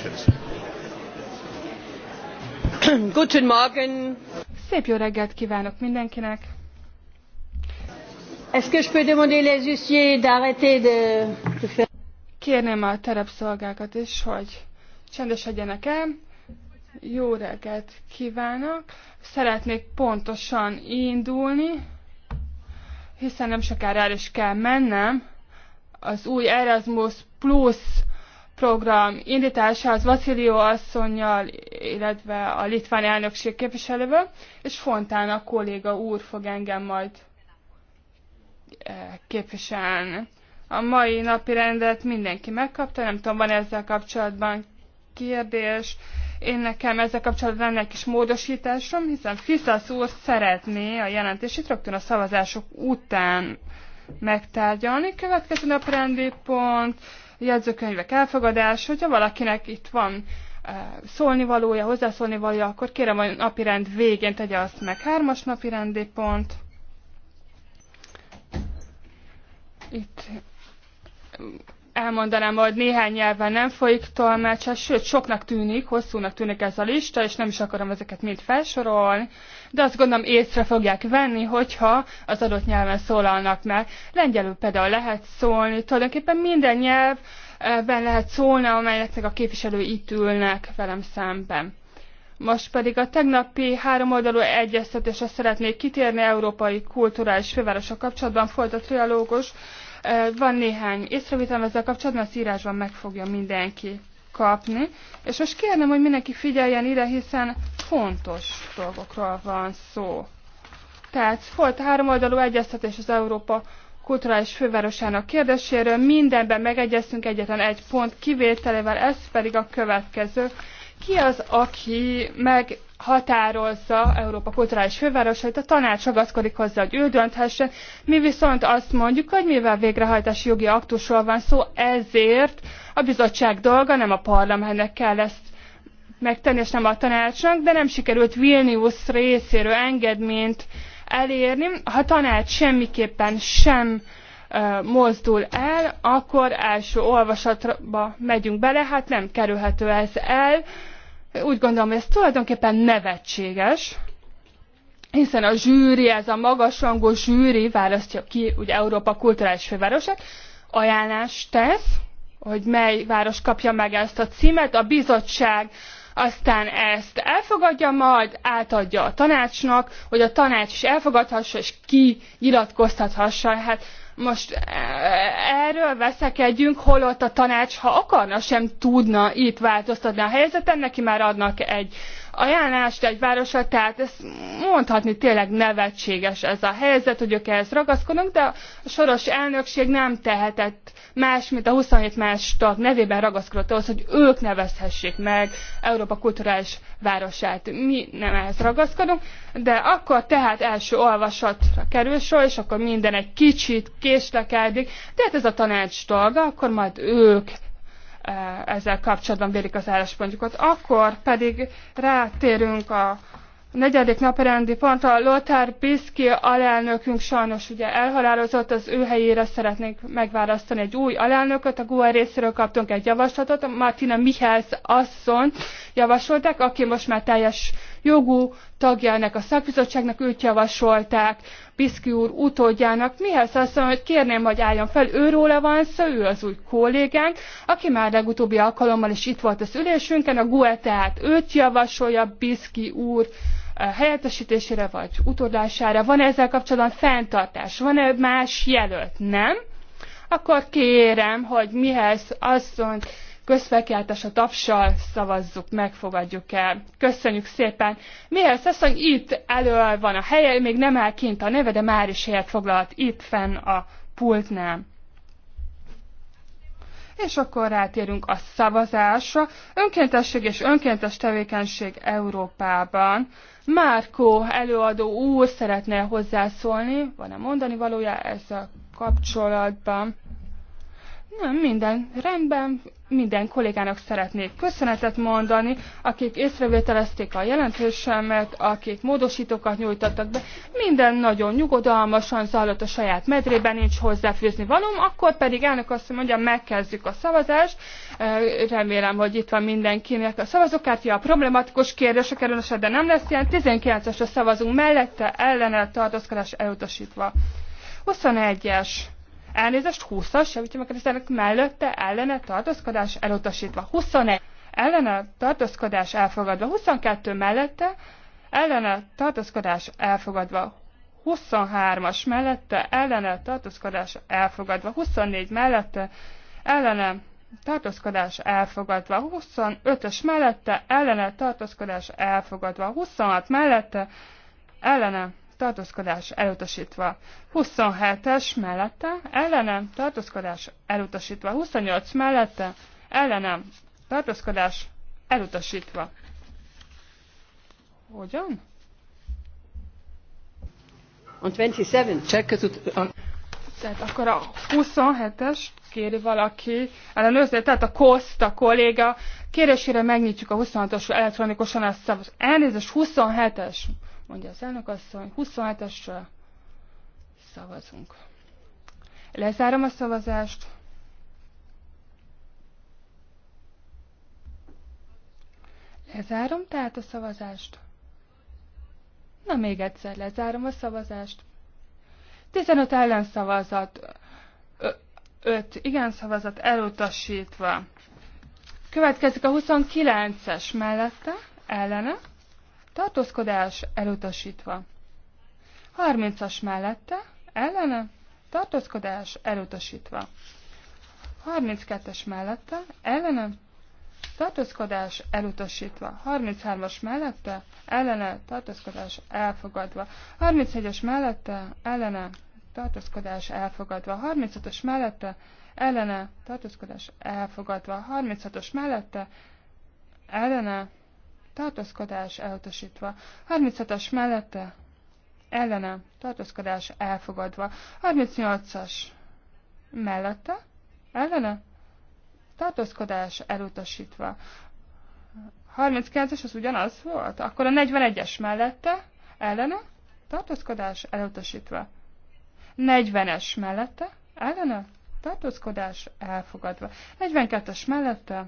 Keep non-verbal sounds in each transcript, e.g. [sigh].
[clears throat] Guten Morgen. Szép jó reggelt kívánok mindenkinek. Est-ce que je peux demander les huissiers d'arrêter de, de faire... Kérném a terepszolgákat is, hogy csendesedjenek el. Jó reggelt kívánok. Szeretnék pontosan indulni, hiszen nem sokára el is kell mennem. Az új Erasmus Plus program indításához Vacilió asszonynal, illetve a litván elnökség képviselővel, és Fontán a kolléga úr fog engem majd e, képviselni. A mai napi rendet mindenki megkapta, nem tudom, van ezzel kapcsolatban kérdés. Én nekem ezzel kapcsolatban lenne egy kis módosításom, hiszen Fiszasz úr szeretné a jelentését rögtön a szavazások után megtárgyalni. Következő naprendi pont, jegyzőkönyvek elfogadás, hogyha valakinek itt van eh, szólni valója, hozzászólni valója, akkor kérem, hogy napirend végén tegye azt meg. Hármas napirendi pont. Itt elmondanám, hogy néhány nyelven nem folyik tolmácsás, sőt, soknak tűnik, hosszúnak tűnik ez a lista, és nem is akarom ezeket mind felsorolni de azt gondolom észre fogják venni, hogyha az adott nyelven szólalnak meg. Lengyelül például lehet szólni, tulajdonképpen minden nyelvben lehet szólni, amelyeknek a képviselői itt ülnek velem szemben. Most pedig a tegnapi háromoldalú egyeztetésre szeretnék kitérni európai kulturális fővárosok kapcsolatban folytat trialógus. Van néhány észrevételem ezzel kapcsolatban, az írásban megfogja mindenki kapni. És most kérném, hogy mindenki figyeljen ide, hiszen fontos dolgokról van szó. Tehát volt háromoldalú egyeztetés az Európa kulturális fővárosának kérdéséről. Mindenben megegyeztünk egyetlen egy pont kivételével, ez pedig a következő. Ki az, aki meg határozza Európa kulturális fővárosait, a tanács ragaszkodik hozzá, hogy ő dönthesse. Mi viszont azt mondjuk, hogy mivel végrehajtási jogi aktusról van szó, ezért a bizottság dolga, nem a parlamentnek kell ezt megtenni, és nem a tanácsnak, de nem sikerült Vilnius részéről engedményt elérni. Ha a tanács semmiképpen sem mozdul el, akkor első olvasatba megyünk bele, hát nem kerülhető ez el. Úgy gondolom, hogy ez tulajdonképpen nevetséges, hiszen a zsűri, ez a magasrangú zsűri választja ki ugye Európa kulturális fővárosát, ajánlást tesz, hogy mely város kapja meg ezt a címet, a bizottság aztán ezt elfogadja, majd átadja a tanácsnak, hogy a tanács is elfogadhassa, és ki nyilatkoztathassa. Hát most e, erről veszekedjünk, holott a tanács, ha akarna, sem tudna itt változtatni a helyzeten, neki már adnak egy ajánlást egy városra, tehát ez mondhatni tényleg nevetséges ez a helyzet, hogy ők ehhez ragaszkodnak, de a soros elnökség nem tehetett más, mint a 27 más tag nevében ragaszkodott ahhoz, hogy ők nevezhessék meg Európa kulturális városát. Mi nem ehhez ragaszkodunk, de akkor tehát első olvasatra kerül sor, és akkor minden egy kicsit késlekedik, de ez a tanács dolga, akkor majd ők ezzel kapcsolatban vélik az álláspontjukat. Akkor pedig rátérünk a negyedik napirendi pontra. Lothar Biszki alelnökünk sajnos ugye elhalálozott, az ő helyére szeretnénk megválasztani egy új alelnököt. A GUA részéről kaptunk egy javaslatot, Martina Mihály asszony javasolták, aki most már teljes jogú tagjának a szakbizottságnak őt javasolták, Piszki úr utódjának. Mihez azt mondom, hogy kérném, hogy álljon fel, őróla van szó, ő az új kollégánk, aki már legutóbbi alkalommal is itt volt az ülésünkön, a GUE tehát őt javasolja Piszki úr eh, helyettesítésére vagy utódására. Van -e ezzel kapcsolatban fenntartás? Van-e más jelölt? Nem? Akkor kérem, hogy mihez azt mondja, a tapsal szavazzuk, megfogadjuk el. Köszönjük szépen. Mihez asszony itt elő van a helye, még nem áll kint a neve, de már is helyet foglalt itt fenn a pultnál. És akkor rátérünk a szavazásra. Önkéntesség és önkéntes tevékenység Európában. Márkó előadó úr szeretne hozzászólni, van-e mondani valója ezzel kapcsolatban? Nem, minden rendben, minden kollégának szeretnék köszönetet mondani, akik észrevételezték a jelentősemet, akik módosítókat nyújtottak be. Minden nagyon nyugodalmasan zajlott a saját medrében, nincs hozzáfűzni valóm, akkor pedig elnök azt mondja, megkezdjük a szavazást. Remélem, hogy itt van mindenkinek a szavazókártya. A problematikus kérdések kerülösebb, de nem lesz ilyen. 19-esre szavazunk mellette, ellene tartózkodás elutasítva. 21-es elnézést 20-as, javítja meg Krisztának mellette ellene tartózkodás elutasítva. 21 ellene tartózkodás elfogadva. 22 mellette ellene tartózkodás elfogadva. 23-as mellette ellene tartózkodás elfogadva. 24 mellette ellene tartózkodás elfogadva, 25-ös mellette ellene tartózkodás elfogadva, 26 mellette ellene tartózkodás elutasítva. 27-es mellette, ellenem, tartózkodás elutasítva. 28 mellette, ellenem, tartózkodás elutasítva. Hogyan? On 27. Tehát akkor a 27-es kéri valaki, ellenőrzni, tehát a koszt, a kolléga, kérésére megnyitjuk a 26-os elektronikusan ezt szavaz. Elnézést, 27-es mondja az elnök asszony. 27-esről szavazunk. Lezárom a szavazást. Lezárom tehát a szavazást. Na még egyszer lezárom a szavazást. 15 ellenszavazat, 5 igen szavazat elutasítva. Következik a 29-es mellette, ellene tartózkodás elutasítva. 30-as mellette, ellene, tartózkodás elutasítva. 32-es mellette, ellene, tartózkodás elutasítva. 33-as mellette, ellene, tartózkodás elfogadva. 31-es mellette, ellene, tartózkodás elfogadva. 35 os mellette, ellene, tartózkodás elfogadva. 36-os mellette, ellene, tartózkodás elutasítva. 36-as mellette ellene tartózkodás elfogadva. 38-as mellette ellene tartózkodás elutasítva. 39-es az ugyanaz volt? Akkor a 41-es mellette ellene tartózkodás elutasítva. 40-es mellette ellene tartózkodás elfogadva. 42-es mellette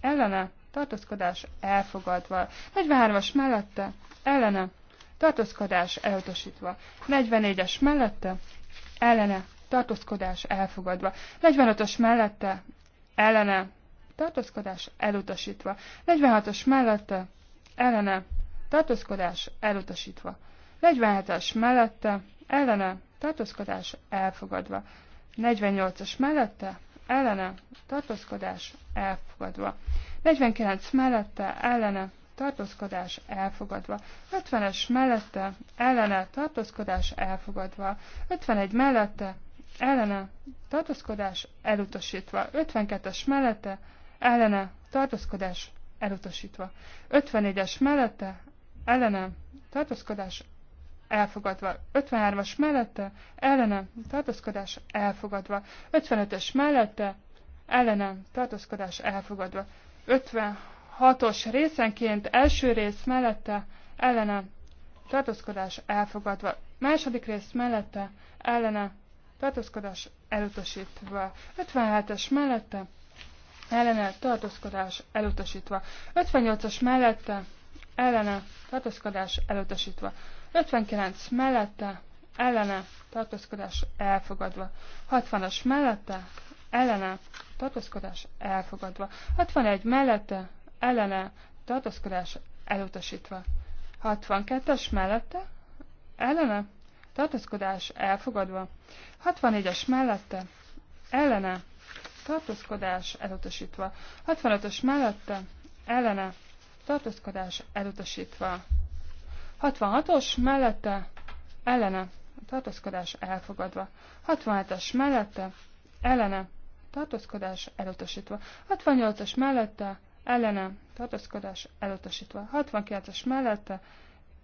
ellene tartózkodás elfogadva. 43-as mellette, ellene, tartózkodás elutasítva. 44-es mellette, ellene, tartózkodás elfogadva. 45-ös mellette, ellene, tartózkodás elutasítva. 46-os mellette, ellene, tartózkodás elutasítva. 47-es mellette, ellene, tartózkodás elfogadva. 48-as mellette, ellene tartózkodás elfogadva. 49 mellette ellene tartózkodás elfogadva. 50-es mellette ellene tartózkodás elfogadva. 51 mellette ellene tartózkodás elutasítva. 52-es mellette ellene tartózkodás elutasítva. 54-es mellette ellene tartózkodás elfogadva. 53-as mellette, ellene, tartózkodás elfogadva. 55-es mellette, ellene, tartózkodás elfogadva. 56-os részenként első rész mellette, ellene, tartózkodás elfogadva. Második rész mellette, ellene, tartózkodás elutasítva. 57-es mellette, ellene, tartózkodás elutasítva. 58-as mellette, ellene, tartózkodás elutasítva. 59 mellette, ellene, tartózkodás elfogadva. 60-as mellette, ellene, tartózkodás elfogadva. 61 mellette, ellene, tartózkodás elutasítva. 62-es mellette, ellene, tartózkodás elfogadva. 64-es mellette, ellene, tartózkodás elutasítva. 65-ös mellette, ellene, tartózkodás elutasítva. 66-os mellette ellene tartózkodás elfogadva. 67-es mellette ellene tartózkodás elutasítva. 68-as mellette ellene tartózkodás elutasítva. 69-es mellette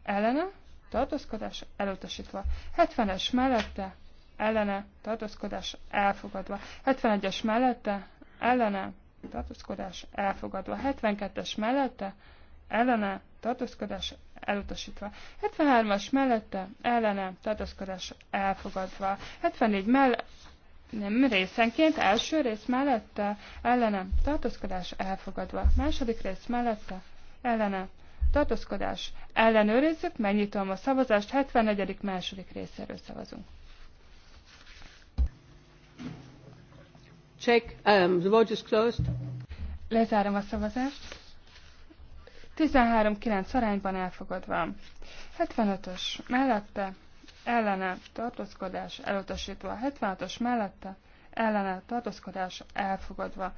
ellene tartózkodás elutasítva. 70-es mellette ellene tartózkodás elfogadva. 71-es mellette ellene tartózkodás elfogadva. 72-es mellette ellene tartózkodás elutasítva. 73-as mellette ellene tartózkodás elfogadva. 74 mellett nem részenként, első rész mellette ellenem tartózkodás elfogadva. Második rész mellette ellenem tartózkodás ellenőrizzük, megnyitom a szavazást, 74. második részéről szavazunk. Check, um, the vote is closed. Lezárom a szavazást. 13-9 arányban elfogadva. 75-ös mellette ellene tartózkodás elutasítva. 76-os mellette ellene tartózkodás elfogadva.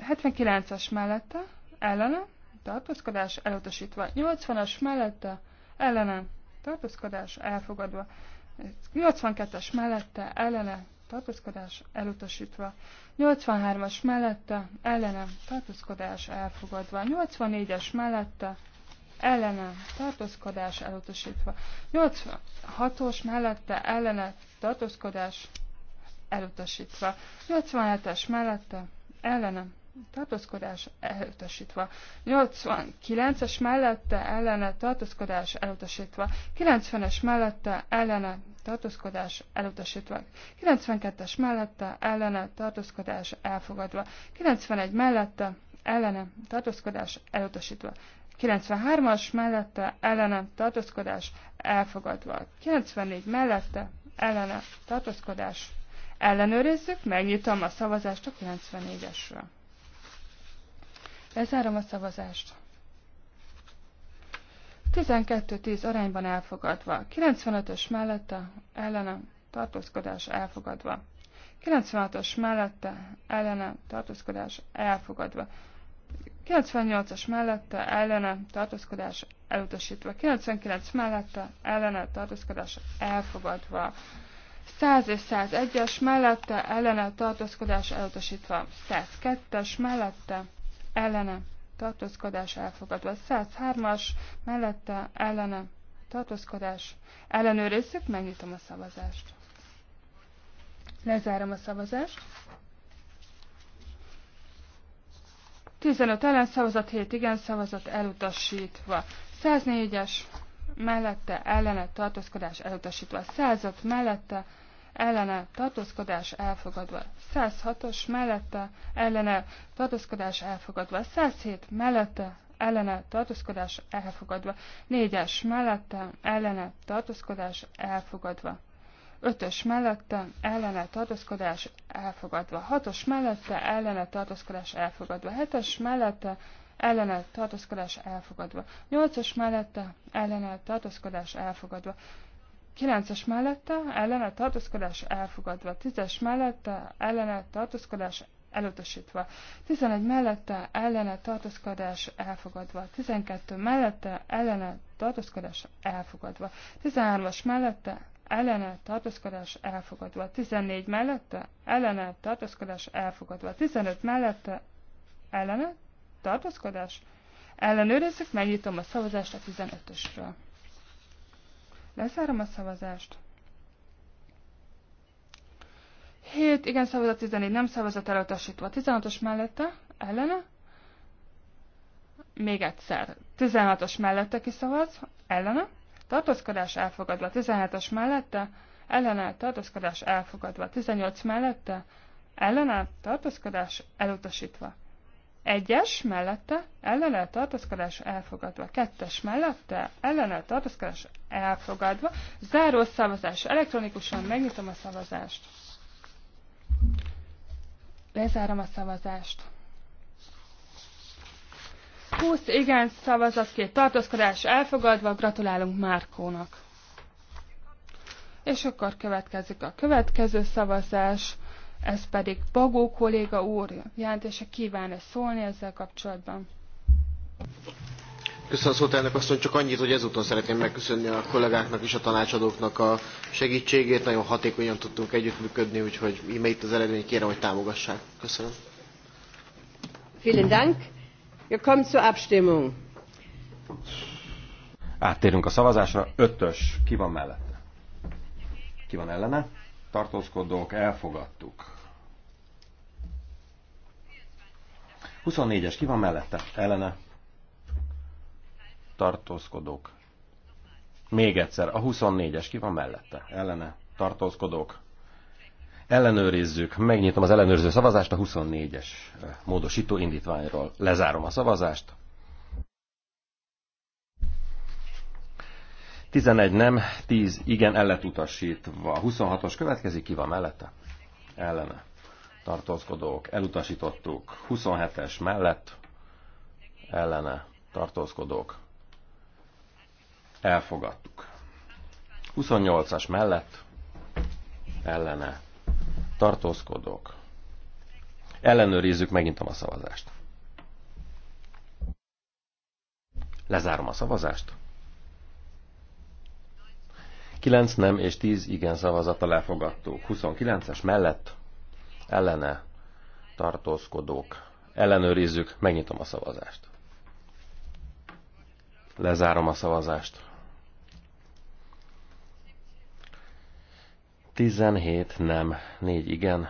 79-es mellette ellene tartózkodás elutasítva. 80-as mellette ellene tartózkodás elfogadva. 82-es mellette ellene tartózkodás elutasítva. 83-as mellette ellene tartózkodás elfogadva. 84-es mellette ellene tartózkodás elutasítva. 86-os mellette ellene tartózkodás elutasítva. 87-es mellette ellene tartózkodás elutasítva. 89-es mellette ellene tartózkodás elutasítva. 90-es mellette ellene tartózkodás elutasítva. 92-es mellette ellene tartózkodás elfogadva. 91 mellette ellene tartózkodás elutasítva. 93-as mellette ellene tartózkodás elfogadva. 94 mellette ellene tartózkodás ellenőrizzük, megnyitom a szavazást a 94-esről. Lezárom a szavazást. 12-10 arányban elfogadva. 95-ös mellette ellene tartózkodás elfogadva. 96-os mellette ellene tartózkodás elfogadva. 98-as mellette ellene tartózkodás elutasítva. 99 mellette ellene tartózkodás elfogadva. 100 és 101-es mellette ellene tartózkodás elutasítva. 102-es mellette ellene tartózkodás elfogadva. 103-as mellette ellene tartózkodás. Ellenőrizzük, megnyitom a szavazást. Lezárom a szavazást. 15 ellen szavazat, 7 igen szavazat elutasítva. 104-es mellette ellene tartózkodás elutasítva. 105 mellette ellene tartózkodás elfogadva, 106-os mellette ellene tartózkodás elfogadva, 107 mellette ellene tartózkodás elfogadva, 4-es mellette ellene tartózkodás elfogadva. 5-ös mellette ellene tartózkodás elfogadva, 6-os mellette ellene tartózkodás elfogadva, 7-es mellette ellene tartózkodás elfogadva, 8-os mellette ellene tartózkodás elfogadva, 9-es mellette ellene tartózkodás elfogadva, 10-es mellette ellene tartózkodás elutasítva, 11 mellette ellene tartózkodás elfogadva, 12 mellette ellene tartózkodás elfogadva, 13-as mellette ellene tartózkodás elfogadva, 14 mellette ellene tartózkodás elfogadva, 15 mellette ellene tartózkodás ellenőrizzük, megnyitom a szavazást a 15-ösről. Lezárom a szavazást. 7, igen, szavazat 14, nem szavazat elutasítva. 16-os mellette, ellene. Még egyszer. 16-os mellette kiszavaz, ellene. Tartózkodás elfogadva. 17 os mellette, ellene. Tartózkodás elfogadva. 18 mellette, ellene. Tartózkodás elutasítva. Egyes mellette ellene tartózkodás elfogadva. Kettes mellette ellene tartózkodás elfogadva. Záró szavazás. Elektronikusan megnyitom a szavazást. Lezárom a szavazást. 20 igen szavazat, két tartózkodás elfogadva. Gratulálunk Márkónak. És akkor következik a következő szavazás ez pedig Bagó kolléga úr jelentése kíván -e szólni ezzel kapcsolatban. Köszönöm szót elnök asszony, csak annyit, hogy ezúton szeretném megköszönni a kollégáknak és a tanácsadóknak a segítségét. Nagyon hatékonyan tudtunk együttműködni, úgyhogy íme itt az eredmény kérem, hogy támogassák. Köszönöm. Vielen Dank. Wir kommen zur Abstimmung. Áttérünk a szavazásra. Ötös. Ki van mellette? Ki van ellene? tartózkodók, elfogadtuk. 24-es, ki van mellette? Ellene. Tartózkodók. Még egyszer, a 24-es, ki van mellette? Ellene. Tartózkodók. Ellenőrizzük, megnyitom az ellenőrző szavazást a 24-es eh, módosító indítványról. Lezárom a szavazást. 11 nem, 10 igen, el lett utasítva. 26-os következik, ki van mellette? Ellene. Tartózkodók, elutasítottuk. 27-es mellett, ellene. Tartózkodók, elfogadtuk. 28-as mellett, ellene. Tartózkodók. Ellenőrizzük megint a szavazást. Lezárom a szavazást. 9 nem és 10 igen szavazata lefogadtuk. 29-es mellett ellene tartózkodók. Ellenőrizzük, megnyitom a szavazást. Lezárom a szavazást. 17 nem, 4 igen.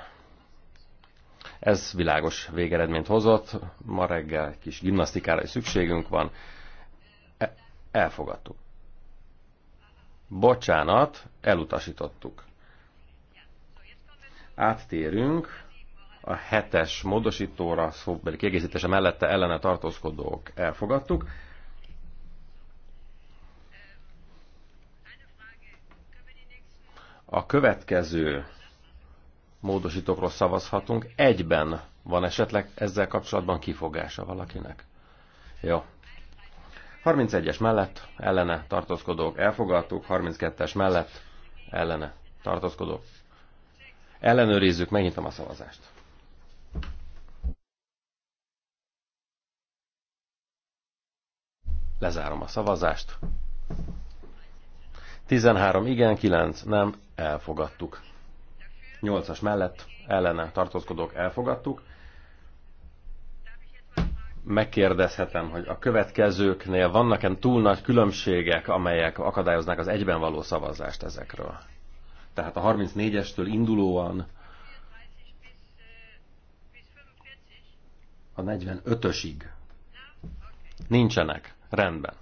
Ez világos végeredményt hozott. Ma reggel kis gimnasztikára is szükségünk van. E- elfogadtuk. Bocsánat, elutasítottuk. Áttérünk a hetes módosítóra, szóbeli kiegészítése mellette ellene tartózkodók elfogadtuk. A következő módosítókról szavazhatunk. Egyben van esetleg ezzel kapcsolatban kifogása valakinek? Jó, 31-es mellett ellene tartózkodók elfogadtuk, 32-es mellett ellene tartózkodók. Ellenőrizzük, megnyitom a szavazást. Lezárom a szavazást. 13 igen, 9 nem, elfogadtuk. 8-as mellett ellene tartózkodók elfogadtuk megkérdezhetem, hogy a következőknél vannak-e túl nagy különbségek, amelyek akadályoznák az egyben való szavazást ezekről? Tehát a 34-estől indulóan a 45-ösig nincsenek. Rendben.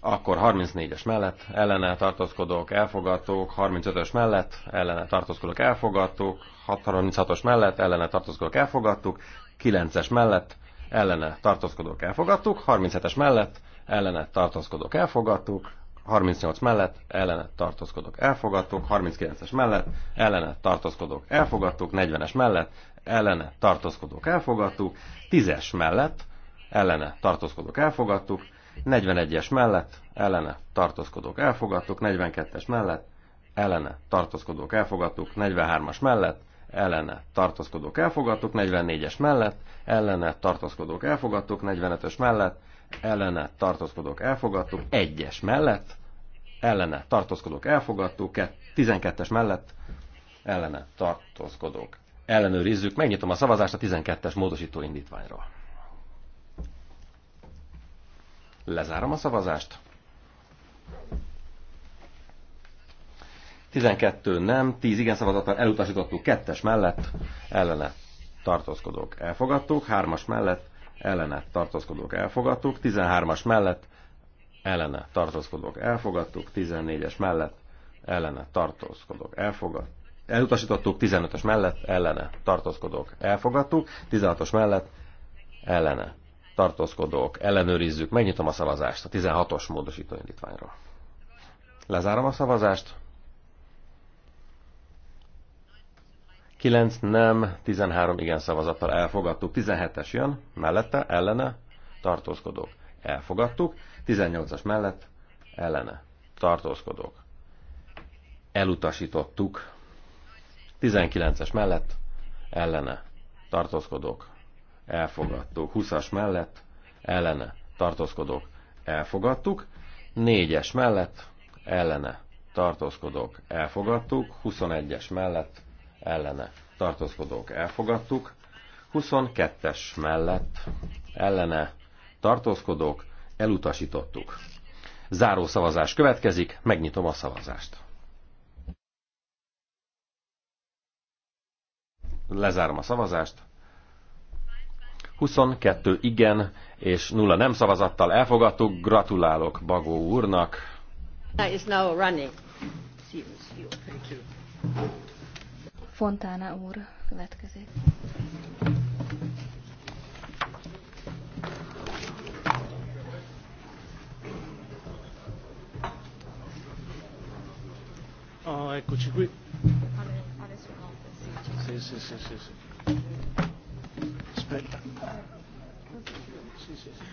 Akkor 34-es mellett ellene tartózkodók, elfogadók, 35-ös mellett ellene tartózkodók, elfogadók, 36-os mellett ellene tartózkodók, elfogadtuk, 9-es mellett ellene tartózkodók elfogadtuk, 37-es mellett ellene tartózkodók elfogadtuk, 38 mellett ellene tartózkodók elfogadtuk, 39-es mellett ellene tartózkodók elfogadtuk, 40-es mellett ellene tartózkodók elfogadtuk, 10-es mellett ellene tartózkodók elfogadtuk, 41-es mellett ellene tartózkodók elfogadtuk, 42-es mellett ellene tartózkodók elfogadtuk, 43-as mellett ellene tartózkodók elfogadtuk, 44-es mellett, ellene tartózkodók elfogadtuk, 45-ös mellett, ellene tartózkodók elfogadtuk, 1-es mellett, ellene tartózkodók elfogadtuk, 12-es mellett, ellene tartózkodók. Ellenőrizzük, megnyitom a szavazást a 12-es módosító indítványról. Lezárom a szavazást. 12 nem, 10 igen szavazattal elutasítottuk, 2 mellett ellene tartózkodók elfogadtuk, 3 mellett ellene tartózkodók elfogadtuk, 13-as mellett ellene tartózkodók elfogadtuk, 14-es mellett ellene tartózkodók elfogadtuk, elutasítottuk, 15-ös mellett ellene tartózkodók elfogadtuk, 16-os mellett ellene tartózkodók, ellenőrizzük, megnyitom a szavazást a 16-os módosítóindítványról. Lezárom a szavazást, 9 nem, 13 igen szavazattal elfogadtuk. 17-es jön, mellette, ellene, tartózkodók. Elfogadtuk. 18-as mellett, ellene, tartózkodók. Elutasítottuk. 19-es mellett, ellene, tartózkodók. Elfogadtuk. 20-as mellett, ellene, tartózkodók. Elfogadtuk. 4-es mellett, ellene, tartózkodók. Elfogadtuk. 21-es mellett, ellene tartózkodók elfogadtuk, 22-es mellett ellene tartózkodók elutasítottuk. Záró szavazás következik, megnyitom a szavazást. Lezárom a szavazást. 22 igen és nulla nem szavazattal elfogadtuk. Gratulálok Bagó úrnak. Is now running. See you. Thank you. Fontána úr következik. Ah, eccoci qui. Sì, sì, sì, sì, sì. Aspetta. Sì, sì, sì.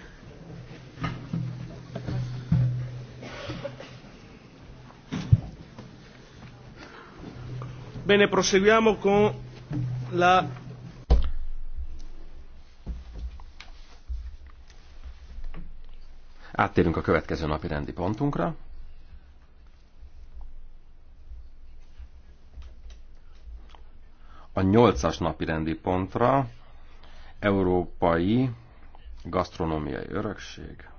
Bene, proseguiamo con la... Áttérünk a következő napi rendi pontunkra. A nyolcas napi rendi pontra Európai Gasztronómiai Örökség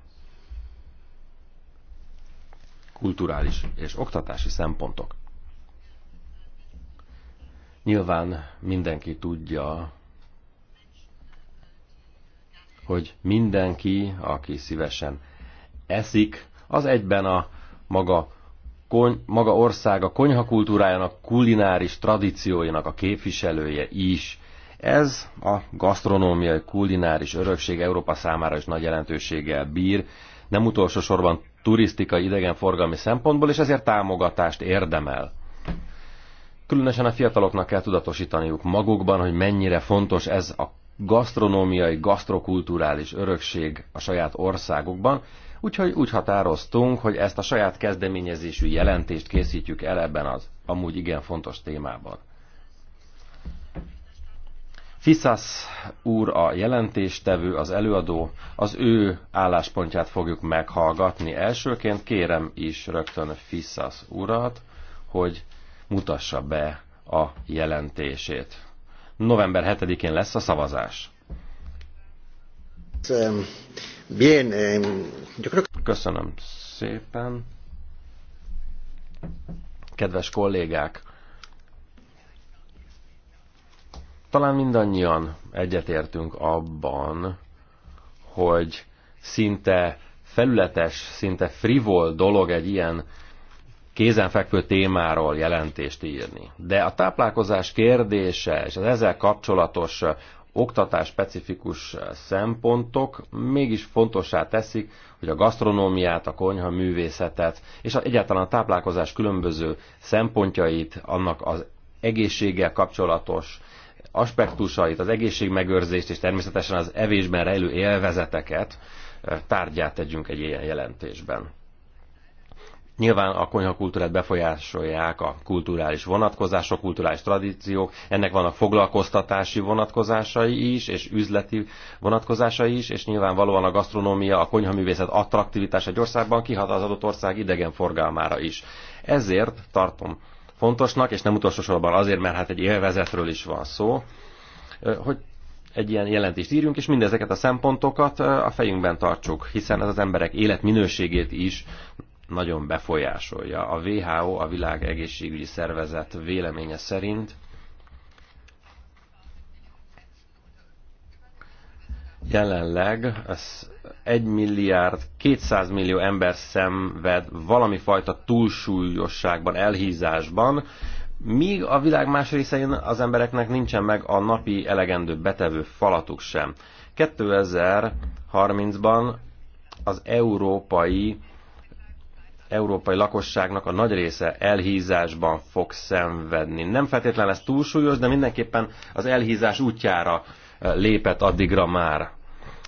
kulturális és oktatási szempontok. Nyilván mindenki tudja, hogy mindenki, aki szívesen eszik, az egyben a maga, kony, maga ország a konyhakultúrájának, kulináris tradícióinak a képviselője is. Ez a gasztronómiai, kulináris örökség Európa számára is nagy jelentőséggel bír, nem utolsó sorban turisztikai idegenforgalmi szempontból, és ezért támogatást érdemel. Különösen a fiataloknak kell tudatosítaniuk magukban, hogy mennyire fontos ez a gasztronómiai, gasztrokulturális örökség a saját országukban, úgyhogy úgy határoztunk, hogy ezt a saját kezdeményezésű jelentést készítjük el ebben az amúgy igen fontos témában. Fiszász úr a jelentéstevő, az előadó, az ő álláspontját fogjuk meghallgatni. Elsőként kérem is rögtön Fiszász urat, hogy mutassa be a jelentését. November 7-én lesz a szavazás. Köszönöm szépen. Kedves kollégák, talán mindannyian egyetértünk abban, hogy szinte felületes, szinte frivol dolog egy ilyen kézenfekvő témáról jelentést írni. De a táplálkozás kérdése és az ezzel kapcsolatos oktatás specifikus szempontok mégis fontossá teszik, hogy a gasztronómiát, a konyha művészetet és egyáltalán a táplálkozás különböző szempontjait, annak az egészséggel kapcsolatos aspektusait, az egészségmegőrzést és természetesen az evésben rejlő élvezeteket tárgyát tegyünk egy ilyen jelentésben. Nyilván a konyhakultúrát befolyásolják a kulturális vonatkozások, kulturális tradíciók, ennek vannak foglalkoztatási vonatkozásai is, és üzleti vonatkozásai is, és nyilvánvalóan a gasztronómia, a konyhaművészet attraktivitása egy országban kihat az adott ország idegenforgalmára is. Ezért tartom fontosnak, és nem utolsó sorban azért, mert hát egy élvezetről is van szó, hogy egy ilyen jelentést írjunk, és mindezeket a szempontokat a fejünkben tartsuk, hiszen ez az emberek életminőségét is nagyon befolyásolja. A WHO, a Világ Egészségügyi Szervezet véleménye szerint jelenleg ez 1 milliárd 200 millió ember szenved valami fajta túlsúlyosságban, elhízásban, míg a világ más részein az embereknek nincsen meg a napi elegendő betevő falatuk sem. 2030-ban az európai európai lakosságnak a nagy része elhízásban fog szenvedni. Nem feltétlenül ez túlsúlyos, de mindenképpen az elhízás útjára lépett addigra már.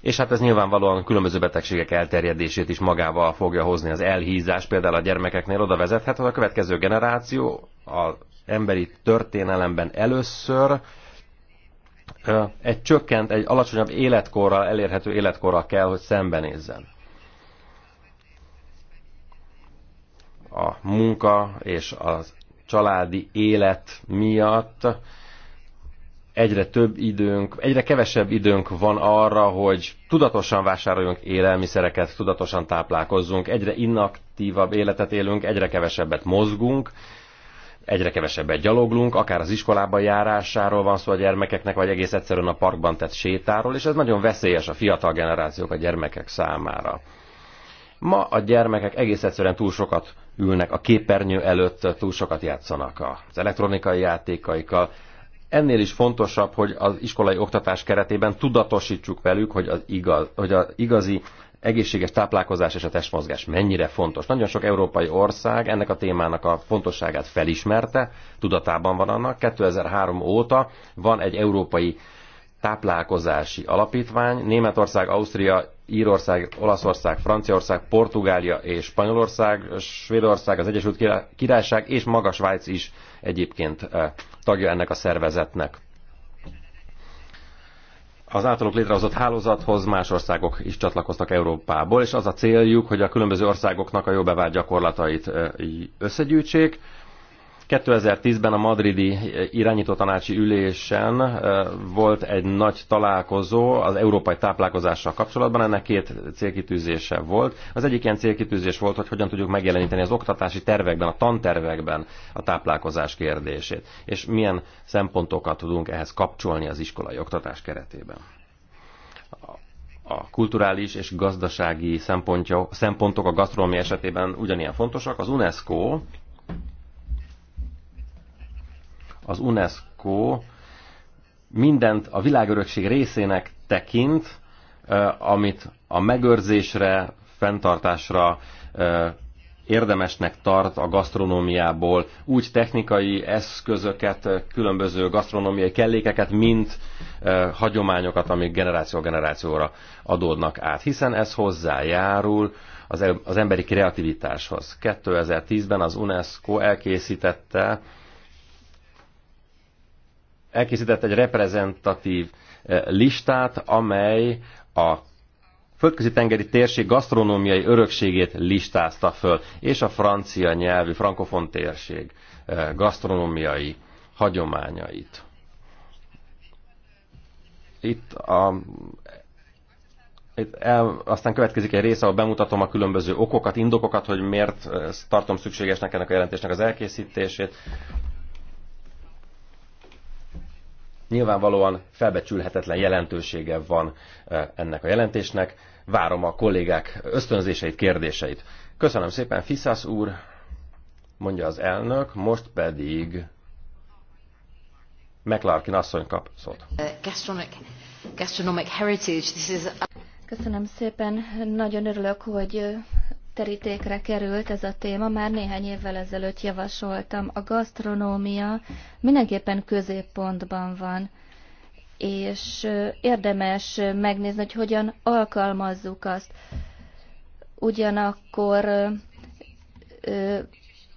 És hát ez nyilvánvalóan különböző betegségek elterjedését is magával fogja hozni. Az elhízás például a gyermekeknél oda vezethet, hogy a következő generáció az emberi történelemben először egy csökkent, egy alacsonyabb életkorral, elérhető életkorral kell, hogy szembenézzen. a munka és a családi élet miatt egyre több időnk, egyre kevesebb időnk van arra, hogy tudatosan vásároljunk élelmiszereket, tudatosan táplálkozzunk, egyre inaktívabb életet élünk, egyre kevesebbet mozgunk, egyre kevesebbet gyaloglunk, akár az iskolában járásáról van szó a gyermekeknek, vagy egész egyszerűen a parkban tett sétáról, és ez nagyon veszélyes a fiatal generációk a gyermekek számára. Ma a gyermekek egész egyszerűen túl sokat ülnek a képernyő előtt, túl sokat játszanak az elektronikai játékaikkal. Ennél is fontosabb, hogy az iskolai oktatás keretében tudatosítsuk velük, hogy az, igaz, hogy az igazi egészséges táplálkozás és a testmozgás mennyire fontos. Nagyon sok európai ország ennek a témának a fontosságát felismerte, tudatában van annak. 2003 óta van egy európai táplálkozási alapítvány. Németország, Ausztria, Írország, Olaszország, Franciaország, Portugália és Spanyolország, Svédország, az Egyesült Királyság és maga Svájc is egyébként eh, tagja ennek a szervezetnek. Az általuk létrehozott hálózathoz más országok is csatlakoztak Európából, és az a céljuk, hogy a különböző országoknak a jó bevált gyakorlatait eh, összegyűjtsék, 2010-ben a madridi irányító tanácsi ülésen volt egy nagy találkozó az európai táplálkozással kapcsolatban, ennek két célkitűzése volt. Az egyik ilyen célkitűzés volt, hogy hogyan tudjuk megjeleníteni az oktatási tervekben, a tantervekben a táplálkozás kérdését, és milyen szempontokat tudunk ehhez kapcsolni az iskolai oktatás keretében a kulturális és gazdasági szempontok a gasztronómia esetében ugyanilyen fontosak. Az UNESCO az UNESCO mindent a világörökség részének tekint, amit a megőrzésre, fenntartásra érdemesnek tart a gasztronómiából, úgy technikai eszközöket, különböző gasztronómiai kellékeket, mint hagyományokat, amik generáció generációra adódnak át, hiszen ez hozzájárul az, emberi kreativitáshoz. 2010-ben az UNESCO elkészítette elkészített egy reprezentatív eh, listát, amely a földközi tengeri térség gasztronómiai örökségét listázta föl, és a francia nyelvű frankofon térség eh, gasztronómiai hagyományait. Itt a itt el, aztán következik egy része, ahol bemutatom a különböző okokat, indokokat, hogy miért eh, tartom szükségesnek ennek a jelentésnek az elkészítését. Nyilvánvalóan felbecsülhetetlen jelentősége van eh, ennek a jelentésnek. Várom a kollégák ösztönzéseit, kérdéseit. Köszönöm szépen, Fiszász úr, mondja az elnök, most pedig McLarkin asszony kap szót. Eh, gastronomic, gastronomic heritage. This is... Köszönöm szépen, nagyon örülök, hogy eh, terítékre került ez a téma, már néhány évvel ezelőtt javasoltam. A gasztronómia mindenképpen középpontban van, és érdemes megnézni, hogy hogyan alkalmazzuk azt. Ugyanakkor ö,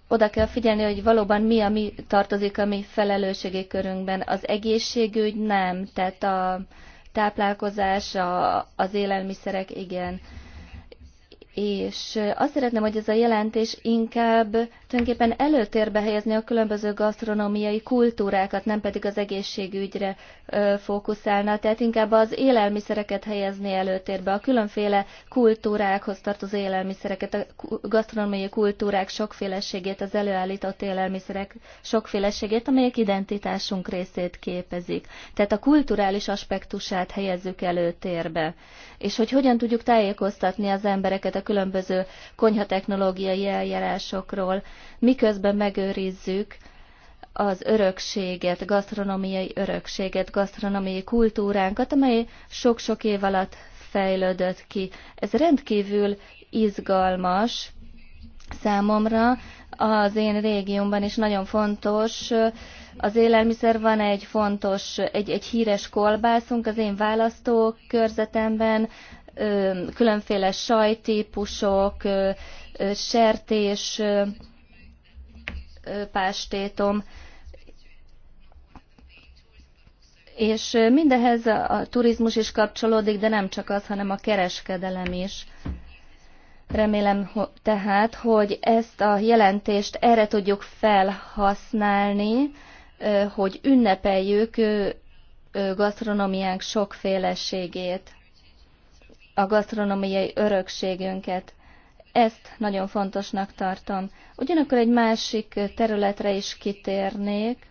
oda kell figyelni, hogy valóban mi, ami tartozik a mi felelősségi körünkben. Az egészségügy nem, tehát a táplálkozás, a, az élelmiszerek igen és azt szeretném, hogy ez a jelentés inkább tulajdonképpen előtérbe helyezni a különböző gasztronómiai kultúrákat, nem pedig az egészségügyre ö, fókuszálna, tehát inkább az élelmiszereket helyezni előtérbe, a különféle kultúrákhoz tartozó élelmiszereket, a gasztronómiai kultúrák sokféleségét, az előállított élelmiszerek sokféleségét, amelyek identitásunk részét képezik. Tehát a kulturális aspektusát helyezzük előtérbe, és hogy hogyan tudjuk tájékoztatni az embereket a különböző konyhatechnológiai eljárásokról, miközben megőrizzük az örökséget, gasztronómiai örökséget, gasztronómiai kultúránkat, amely sok-sok év alatt fejlődött ki. Ez rendkívül izgalmas számomra. Az én régiómban is nagyon fontos az élelmiszer. Van egy fontos, egy, egy híres kolbászunk az én választókörzetemben, különféle sajtípusok, sertés, pástétom, és mindehez a turizmus is kapcsolódik, de nem csak az, hanem a kereskedelem is. Remélem tehát, hogy ezt a jelentést erre tudjuk felhasználni, hogy ünnepeljük gasztronómiánk sokféleségét a gasztronómiai örökségünket. Ezt nagyon fontosnak tartom. Ugyanakkor egy másik területre is kitérnék.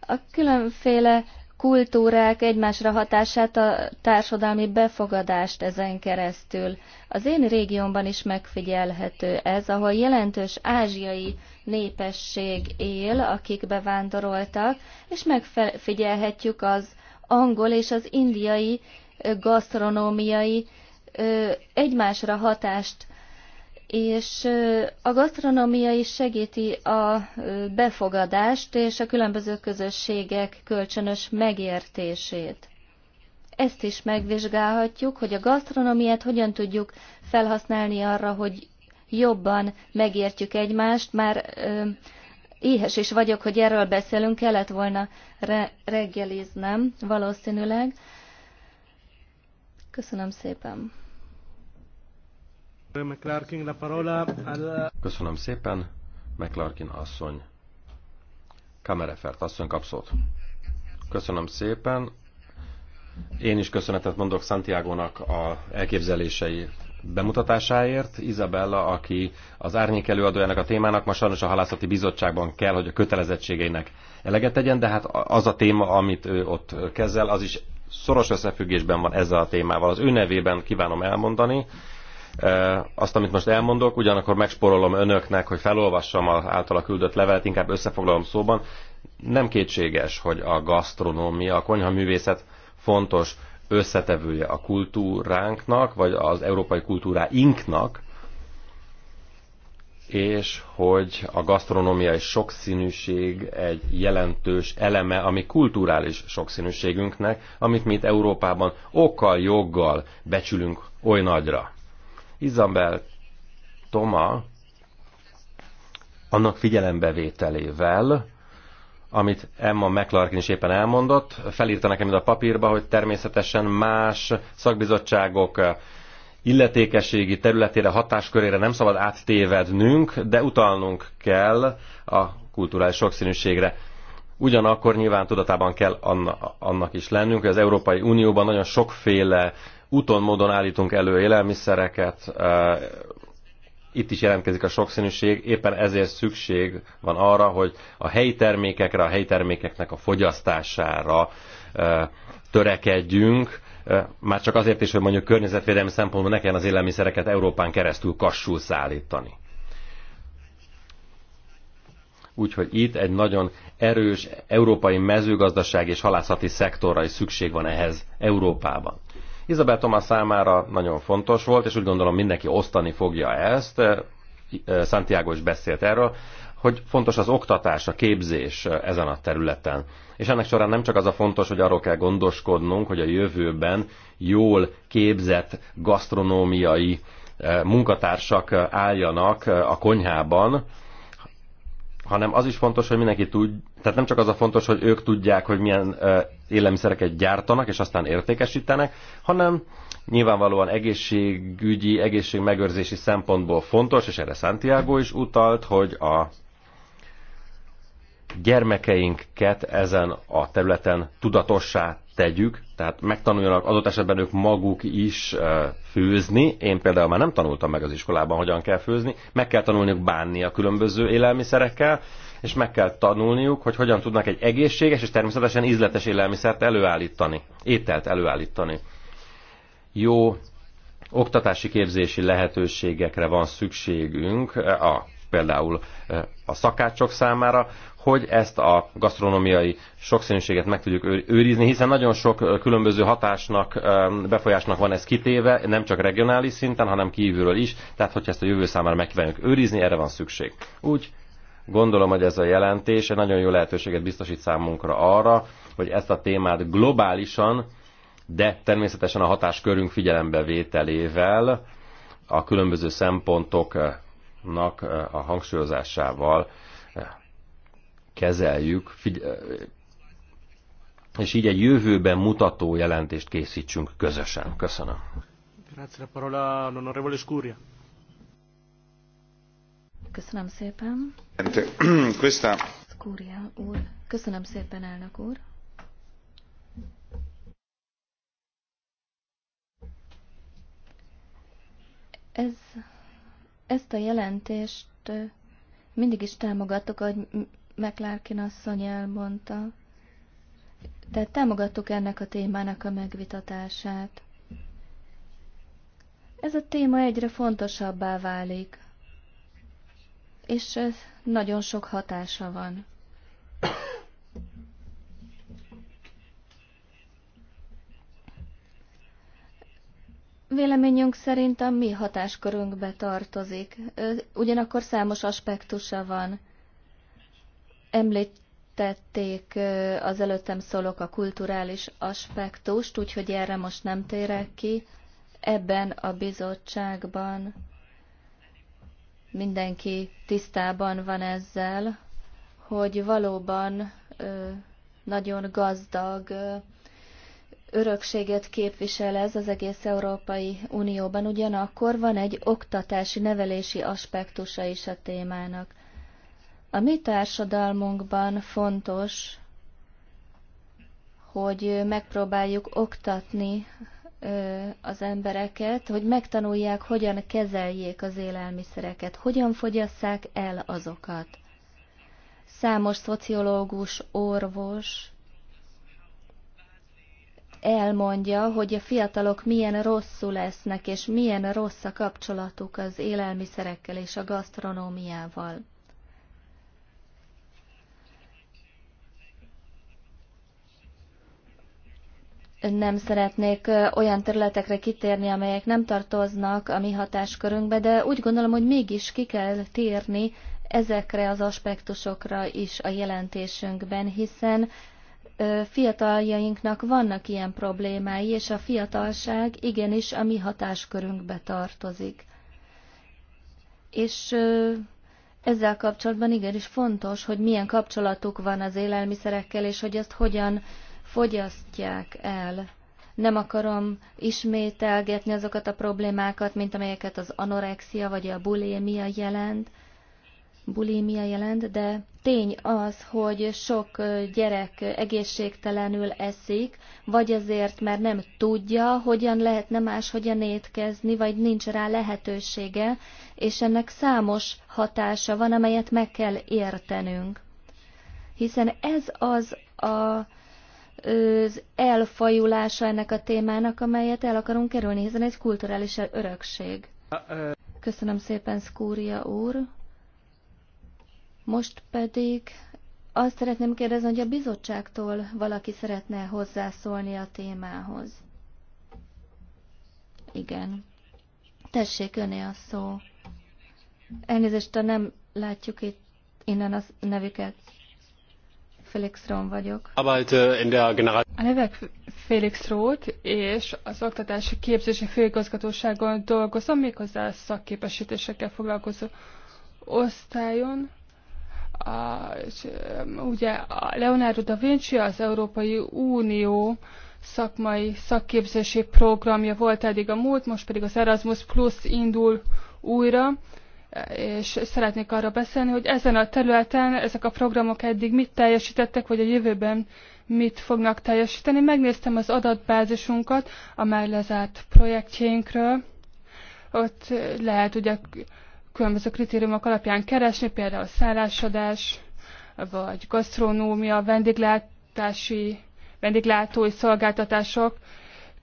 A különféle kultúrák egymásra hatását, a társadalmi befogadást ezen keresztül. Az én régiómban is megfigyelhető ez, ahol jelentős ázsiai népesség él, akik bevándoroltak, és megfigyelhetjük az angol és az indiai gasztronómiai egymásra hatást, és a gasztronómia is segíti a befogadást és a különböző közösségek kölcsönös megértését. Ezt is megvizsgálhatjuk, hogy a gasztronómiát hogyan tudjuk felhasználni arra, hogy jobban megértjük egymást, már ö, éhes is vagyok, hogy erről beszélünk, kellett volna re- reggeliznem valószínűleg. Köszönöm szépen. Köszönöm szépen, McClarkin asszony. Kamerefert asszony kap szót. Köszönöm szépen. Én is köszönetet mondok Santiago-nak a elképzelései bemutatásáért. Izabella, aki az árnyék előadójának a témának, ma sajnos a halászati bizottságban kell, hogy a kötelezettségeinek eleget tegyen, de hát az a téma, amit ő ott kezel, az is szoros összefüggésben van ezzel a témával. Az ő nevében kívánom elmondani, e, azt, amit most elmondok, ugyanakkor megsporolom önöknek, hogy felolvassam az általa küldött levelet, inkább összefoglalom szóban. Nem kétséges, hogy a gasztronómia, a konyhaművészet fontos összetevője a kultúránknak, vagy az európai kultúráinknak, és hogy a gasztronómiai sokszínűség egy jelentős eleme ami kulturális sokszínűségünknek, amit mi itt Európában okkal, joggal becsülünk oly nagyra. Izabel Toma annak figyelembevételével, amit Emma McLarkin is éppen elmondott, felírta nekem ide a papírba, hogy természetesen más szakbizottságok illetékességi területére, hatáskörére nem szabad áttévednünk, de utalnunk kell a kulturális sokszínűségre. Ugyanakkor nyilván tudatában kell annak is lennünk, hogy az Európai Unióban nagyon sokféle úton, módon állítunk elő élelmiszereket, itt is jelentkezik a sokszínűség, éppen ezért szükség van arra, hogy a helyi termékekre, a helyi termékeknek a fogyasztására törekedjünk, már csak azért is, hogy mondjuk környezetvédelmi szempontból ne kelljen az élelmiszereket Európán keresztül kassul szállítani. Úgyhogy itt egy nagyon erős európai mezőgazdaság és halászati szektorra is szükség van ehhez Európában. Izabel Thomas számára nagyon fontos volt, és úgy gondolom mindenki osztani fogja ezt, Santiago is beszélt erről, hogy fontos az oktatás, a képzés ezen a területen. És ennek során nem csak az a fontos, hogy arról kell gondoskodnunk, hogy a jövőben jól képzett gasztronómiai munkatársak álljanak a konyhában, hanem az is fontos, hogy mindenki tud, tehát nem csak az a fontos, hogy ők tudják, hogy milyen élelmiszereket gyártanak, és aztán értékesítenek, hanem nyilvánvalóan egészségügyi, egészségmegőrzési szempontból fontos, és erre Santiago is utalt, hogy a gyermekeinket ezen a területen tudatossá tegyük, tehát megtanuljanak adott esetben ők maguk is főzni. Én például már nem tanultam meg az iskolában, hogyan kell főzni. Meg kell tanulniuk bánni a különböző élelmiszerekkel, és meg kell tanulniuk, hogy hogyan tudnak egy egészséges és természetesen ízletes élelmiszert előállítani, ételt előállítani. Jó oktatási képzési lehetőségekre van szükségünk a például a szakácsok számára, hogy ezt a gasztronómiai sokszínűséget meg tudjuk őrizni, hiszen nagyon sok különböző hatásnak, befolyásnak van ez kitéve, nem csak regionális szinten, hanem kívülről is, tehát hogyha ezt a jövő számára meg kívánjuk őrizni, erre van szükség. Úgy gondolom, hogy ez a jelentés egy nagyon jó lehetőséget biztosít számunkra arra, hogy ezt a témát globálisan, de természetesen a hatáskörünk figyelembevételével a különböző szempontok nak a hangsúlyozásával kezeljük, és így egy jövőben mutató jelentést készítsünk közösen. Köszönöm. Köszönöm szépen. Skúria [clears throat] úr. Köszönöm szépen, elnök úr. Ez ezt a jelentést mindig is támogattuk, ahogy McLarkin asszony elmondta. Tehát támogattuk ennek a témának a megvitatását. Ez a téma egyre fontosabbá válik, és ez nagyon sok hatása van. Véleményünk szerint a mi hatáskörünkbe tartozik, ugyanakkor számos aspektusa van. Említették az előttem szólok a kulturális aspektust, úgyhogy erre most nem térek ki. Ebben a bizottságban mindenki tisztában van ezzel, hogy valóban nagyon gazdag örökséget képvisel ez az egész Európai Unióban, ugyanakkor van egy oktatási, nevelési aspektusa is a témának. A mi társadalmunkban fontos, hogy megpróbáljuk oktatni az embereket, hogy megtanulják, hogyan kezeljék az élelmiszereket, hogyan fogyasszák el azokat. Számos szociológus, orvos, elmondja, hogy a fiatalok milyen rosszul lesznek, és milyen rossz a kapcsolatuk az élelmiszerekkel és a gasztronómiával. nem szeretnék olyan területekre kitérni, amelyek nem tartoznak a mi hatáskörünkbe, de úgy gondolom, hogy mégis ki kell térni ezekre az aspektusokra is a jelentésünkben, hiszen fiataljainknak vannak ilyen problémái, és a fiatalság igenis a mi hatáskörünkbe tartozik. És ezzel kapcsolatban igenis fontos, hogy milyen kapcsolatuk van az élelmiszerekkel, és hogy ezt hogyan fogyasztják el. Nem akarom ismételgetni azokat a problémákat, mint amelyeket az anorexia vagy a bulémia jelent, bulimia jelent, de tény az, hogy sok gyerek egészségtelenül eszik, vagy azért, mert nem tudja, hogyan lehetne máshogyan étkezni, vagy nincs rá lehetősége, és ennek számos hatása van, amelyet meg kell értenünk. Hiszen ez az a az elfajulása ennek a témának, amelyet el akarunk kerülni, hiszen ez kulturális örökség. Köszönöm szépen, Skúria úr! Most pedig azt szeretném kérdezni, hogy a bizottságtól valaki szeretne hozzászólni a témához. Igen. Tessék, öné a szó. Elnézést, ha nem látjuk itt innen a nevüket. Felix Rom vagyok. A nevek Felix Roth, és az Oktatási Képzési Főigazgatóságon dolgozom, méghozzá szakképesítésekkel foglalkozó osztályon a, ugye a Leonardo da Vinci az Európai Unió szakmai szakképzési programja volt eddig a múlt, most pedig az Erasmus Plus indul újra, és szeretnék arra beszélni, hogy ezen a területen ezek a programok eddig mit teljesítettek, vagy a jövőben mit fognak teljesíteni. Megnéztem az adatbázisunkat a már lezárt projektjénkről. Ott lehet ugye különböző kritériumok alapján keresni, például szállásodás, vagy gasztronómia, vendéglátási, vendéglátói szolgáltatások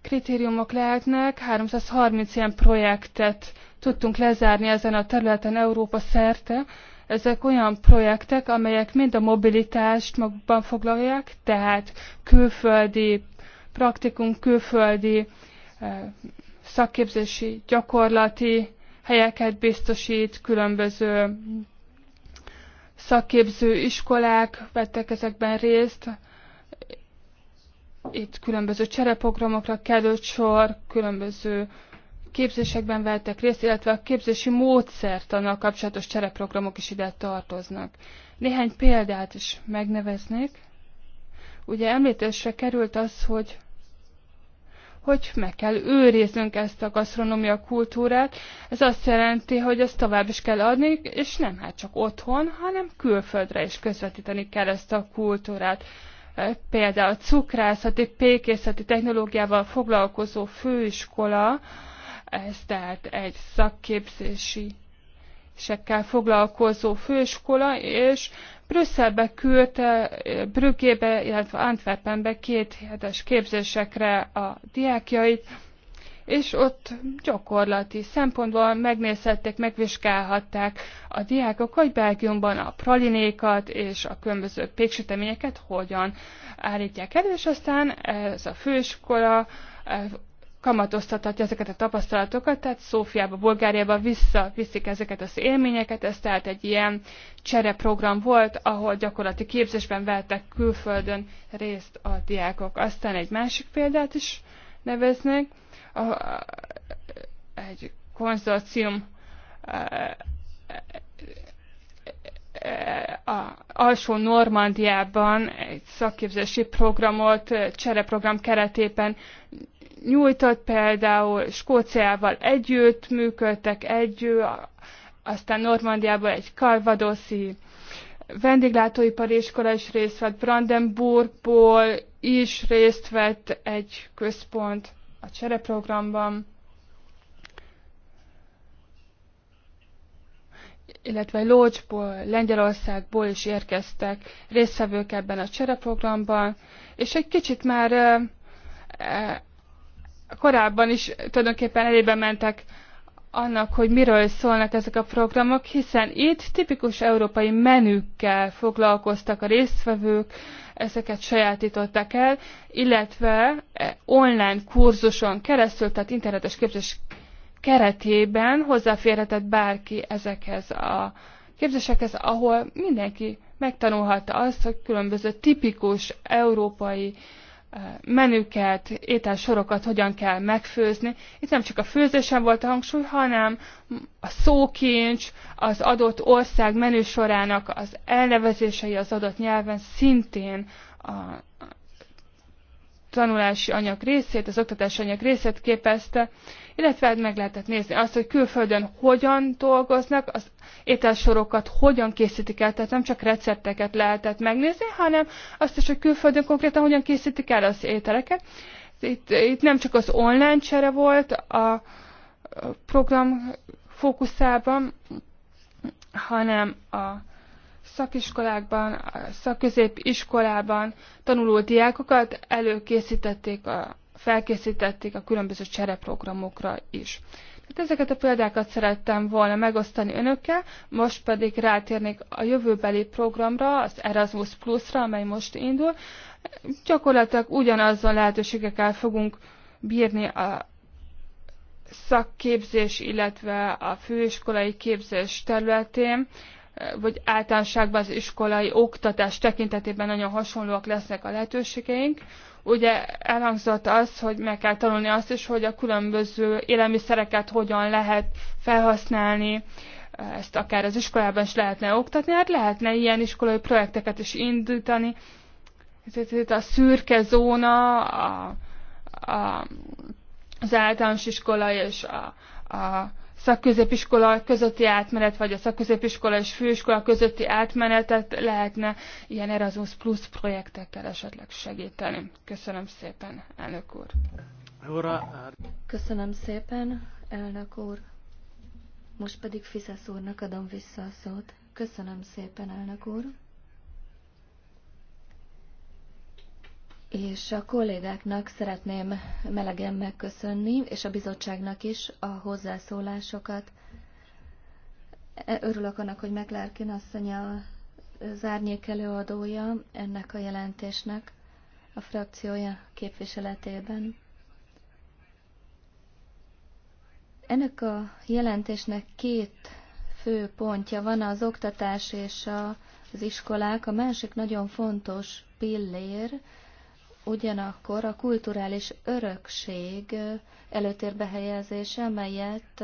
kritériumok lehetnek. 330 ilyen projektet tudtunk lezárni ezen a területen Európa szerte. Ezek olyan projektek, amelyek mind a mobilitást magukban foglalják, tehát külföldi praktikum, külföldi eh, szakképzési, gyakorlati helyeket biztosít, különböző szakképző iskolák vettek ezekben részt, itt különböző csereprogramokra került sor, különböző képzésekben vettek részt, illetve a képzési annak kapcsolatos csereprogramok is ide tartoznak. Néhány példát is megneveznék. Ugye említésre került az, hogy hogy meg kell őriznünk ezt a gasztronómia kultúrát. Ez azt jelenti, hogy ezt tovább is kell adni, és nem hát csak otthon, hanem külföldre is közvetíteni kell ezt a kultúrát. Például a cukrászati, pékészeti technológiával foglalkozó főiskola, ez tehát egy szakképzési sekkel foglalkozó főiskola, és Brüsszelbe küldte, Brüggébe, illetve Antwerpenbe két hetes képzésekre a diákjait, és ott gyakorlati szempontból megnézhették, megvizsgálhatták a diákok, hogy Belgiumban a pralinékat és a különböző péksüteményeket hogyan állítják elő, és aztán ez a főiskola kamatoztathatja ezeket a tapasztalatokat, tehát Szófiába, Bulgáriába visszaviszik ezeket az élményeket, ez tehát egy ilyen csereprogram volt, ahol gyakorlati képzésben vettek külföldön részt a diákok. Aztán egy másik példát is neveznék, a, a, egy konzorcium a, a alsó Normandiában egy szakképzési programot, csereprogram keretében nyújtott, például Skóciával együtt működtek, együtt, aztán Normandiában egy kalvadoszi vendéglátóipari iskola is részt vett, Brandenburgból is részt vett egy központ a csereprogramban, illetve Lócsból, Lengyelországból is érkeztek résztvevők ebben a csereprogramban, és egy kicsit már eh, eh, korábban is tulajdonképpen elébe mentek annak, hogy miről szólnak ezek a programok, hiszen itt tipikus európai menükkel foglalkoztak a résztvevők, ezeket sajátították el, illetve online kurzuson keresztül, tehát internetes képzés keretében hozzáférhetett bárki ezekhez a képzésekhez, ahol mindenki megtanulhatta azt, hogy különböző tipikus európai uh, menüket, ételsorokat hogyan kell megfőzni. Itt nem csak a főzésen volt a hangsúly, hanem a szókincs, az adott ország menüsorának az elnevezései az adott nyelven szintén a tanulási anyag részét, az oktatási anyag részét képezte, illetve hát meg lehetett nézni azt, hogy külföldön hogyan dolgoznak, az ételsorokat hogyan készítik el, tehát nem csak recepteket lehetett megnézni, hanem azt is, hogy külföldön konkrétan hogyan készítik el az ételeket. Itt, itt nem csak az online csere volt a program fókuszában, hanem a szakiskolákban, a szakközépiskolában tanuló diákokat előkészítették a felkészítették a különböző csereprogramokra is. Tehát ezeket a példákat szerettem volna megosztani önökkel, most pedig rátérnék a jövőbeli programra, az Erasmus Plus-ra, amely most indul. Gyakorlatilag ugyanazzal lehetőségekkel fogunk bírni a szakképzés, illetve a főiskolai képzés területén, vagy általánoságban az iskolai oktatás tekintetében nagyon hasonlóak lesznek a lehetőségeink ugye elhangzott az, hogy meg kell tanulni azt is, hogy a különböző élelmiszereket hogyan lehet felhasználni, ezt akár az iskolában is lehetne oktatni, hát lehetne ilyen iskolai projekteket is indítani. Itt a szürke zóna, a, a, az általános iskola és a, a szakközépiskola közötti átmenet, vagy a szakközépiskola és főiskola közötti átmenetet lehetne ilyen Erasmus Plus projektekkel esetleg segíteni. Köszönöm szépen, elnök úr. Köszönöm szépen, elnök úr. Most pedig Fizesz úrnak adom vissza a szót. Köszönöm szépen, elnök úr. és a kollégáknak szeretném melegen megköszönni, és a bizottságnak is a hozzászólásokat. E, örülök annak, hogy Meglárkin asszony a zárnyék előadója ennek a jelentésnek a frakciója képviseletében. Ennek a jelentésnek két fő pontja van, az oktatás és a, az iskolák. A másik nagyon fontos pillér, Ugyanakkor a kulturális örökség előtérbe helyezése, amelyet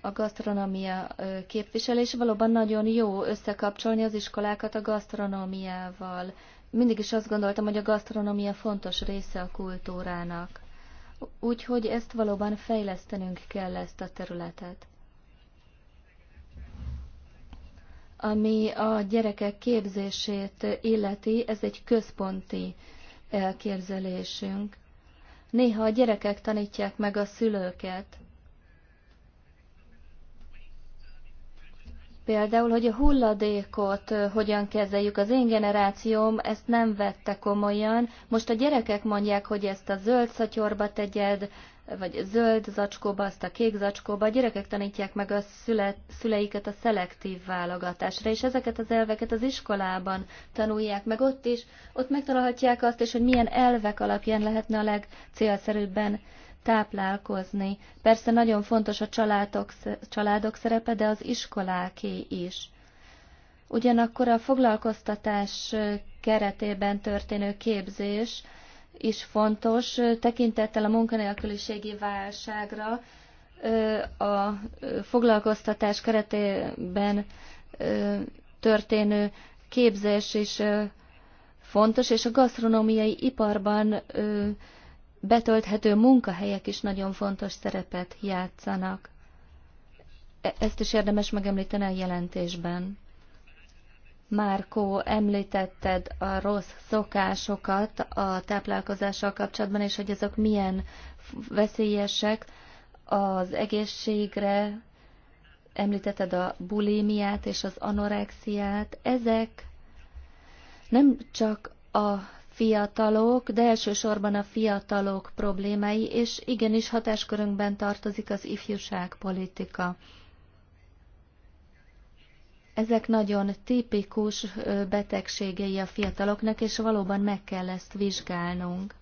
a gasztronómia képviselés valóban nagyon jó összekapcsolni az iskolákat a gasztronómiával. Mindig is azt gondoltam, hogy a gasztronómia fontos része a kultúrának. Úgyhogy ezt valóban fejlesztenünk kell ezt a területet. Ami a gyerekek képzését illeti, ez egy központi elképzelésünk. Néha a gyerekek tanítják meg a szülőket, Például, hogy a hulladékot hogyan kezeljük. Az én generációm ezt nem vette komolyan. Most a gyerekek mondják, hogy ezt a zöld szatyorba tegyed, vagy zöld zacskóba, azt a kék zacskóba. A gyerekek tanítják meg a szüle, szüleiket a szelektív válogatásra, és ezeket az elveket az iskolában tanulják meg ott is. Ott megtalálhatják azt is, hogy milyen elvek alapján lehetne a legcélszerűbben táplálkozni. Persze nagyon fontos a családok, családok szerepe, de az iskoláké is. Ugyanakkor a foglalkoztatás keretében történő képzés is fontos, tekintettel a munkanélküliségi válságra, a foglalkoztatás keretében történő képzés is fontos, és a gasztronómiai iparban betölthető munkahelyek is nagyon fontos szerepet játszanak. E, ezt is érdemes megemlíteni a jelentésben. Márkó, említetted a rossz szokásokat a táplálkozással kapcsolatban, és hogy azok milyen veszélyesek az egészségre, említetted a bulimiát és az anorexiát. Ezek nem csak a fiatalok, de elsősorban a fiatalok problémái, és igenis hatáskörünkben tartozik az ifjúságpolitika. Ezek nagyon tipikus betegségei a fiataloknak, és valóban meg kell ezt vizsgálnunk.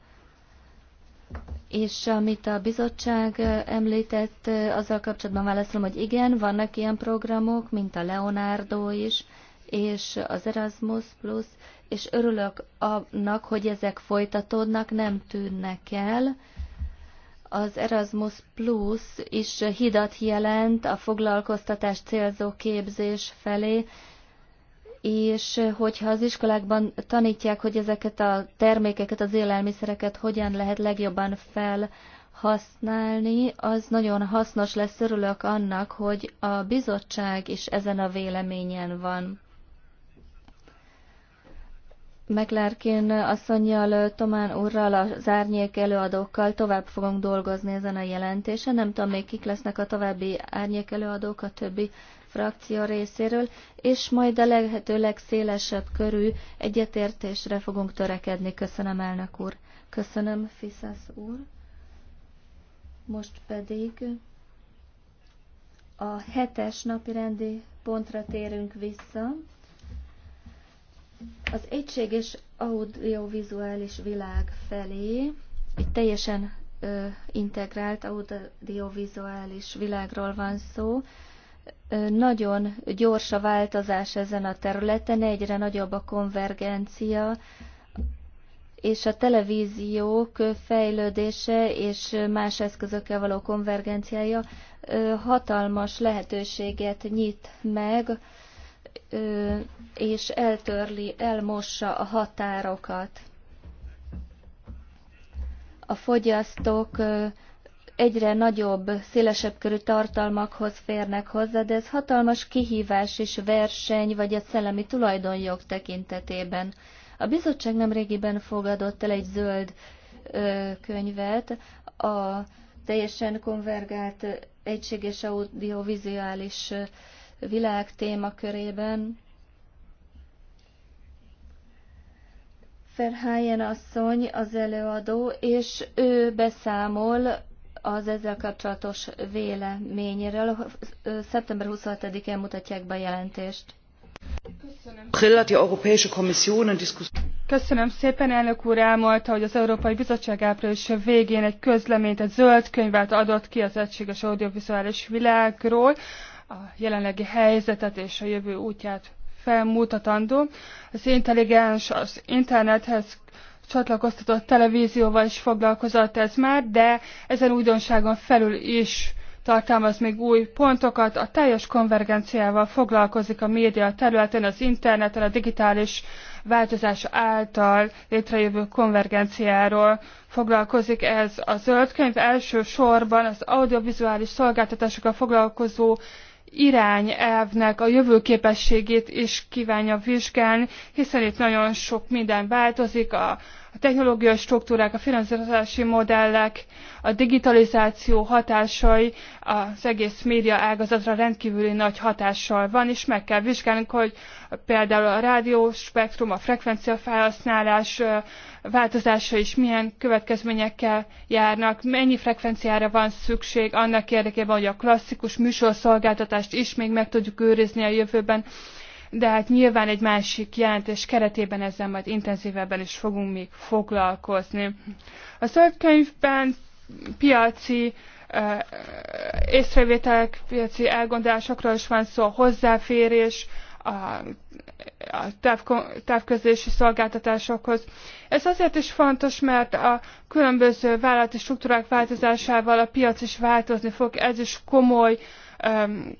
És amit a bizottság említett, azzal kapcsolatban válaszolom, hogy igen, vannak ilyen programok, mint a Leonardo is, és az Erasmus Plus, és örülök annak, hogy ezek folytatódnak, nem tűnnek el. Az Erasmus Plus is hidat jelent a foglalkoztatás célzó képzés felé, és hogyha az iskolákban tanítják, hogy ezeket a termékeket, az élelmiszereket hogyan lehet legjobban felhasználni, az nagyon hasznos lesz, örülök annak, hogy a bizottság is ezen a véleményen van. McLarkin asszonyjal, Tomán úrral, az árnyék előadókkal tovább fogunk dolgozni ezen a jelentésen. Nem tudom még kik lesznek a további árnyék előadók a többi frakció részéről, és majd a lehető legszélesebb körű egyetértésre fogunk törekedni. Köszönöm, elnök úr. Köszönöm, Fiszász úr. Most pedig a hetes napi rendi pontra térünk vissza az egység és audiovizuális világ felé, egy teljesen ö, integrált audiovizuális világról van szó, ö, nagyon gyors a változás ezen a területen, egyre nagyobb a konvergencia, és a televíziók fejlődése és más eszközökkel való konvergenciája hatalmas lehetőséget nyit meg és eltörli, elmossa a határokat. A fogyasztók egyre nagyobb, szélesebb körű tartalmakhoz férnek hozzá, de ez hatalmas kihívás és verseny, vagy a szellemi tulajdonjog tekintetében. A bizottság nemrégiben fogadott el egy zöld ö, könyvet a teljesen konvergált egységes audiovizuális világ témakörében. Ferhájen asszony az előadó, és ő beszámol az ezzel kapcsolatos véleményéről. Szeptember 27-én mutatják be a jelentést. Köszönöm. Köszönöm szépen, elnök úr elmondta, hogy az Európai Bizottság április végén egy közleményt, egy zöld könyvet adott ki az egységes audiovizuális világról, a jelenlegi helyzetet és a jövő útját felmutatandó. Az intelligens, az internethez csatlakoztatott televízióval is foglalkozott ez már, de ezen újdonságon felül is tartalmaz még új pontokat. A teljes konvergenciával foglalkozik a média területen, az interneten, a digitális változás által létrejövő konvergenciáról foglalkozik ez a zöld könyv. Elsősorban az audiovizuális szolgáltatásokkal foglalkozó irányelvnek a jövőképességét is kívánja vizsgálni, hiszen itt nagyon sok minden változik, a, a technológiai struktúrák, a finanszírozási modellek, a digitalizáció hatásai az egész média ágazatra rendkívüli nagy hatással van, és meg kell vizsgálnunk, hogy például a spektrum, a frekvencia felhasználás változása is milyen következményekkel járnak, mennyi frekvenciára van szükség annak érdekében, hogy a klasszikus műsorszolgáltatást is még meg tudjuk őrizni a jövőben, de hát nyilván egy másik jelentés keretében ezzel majd intenzívebben is fogunk még foglalkozni. A szövegkönyvben piaci észrevételek, piaci elgondolásokról is van szó, hozzáférés, a, a távközlési szolgáltatásokhoz. Ez azért is fontos, mert a különböző vállalati struktúrák változásával a piac is változni fog, ez is komoly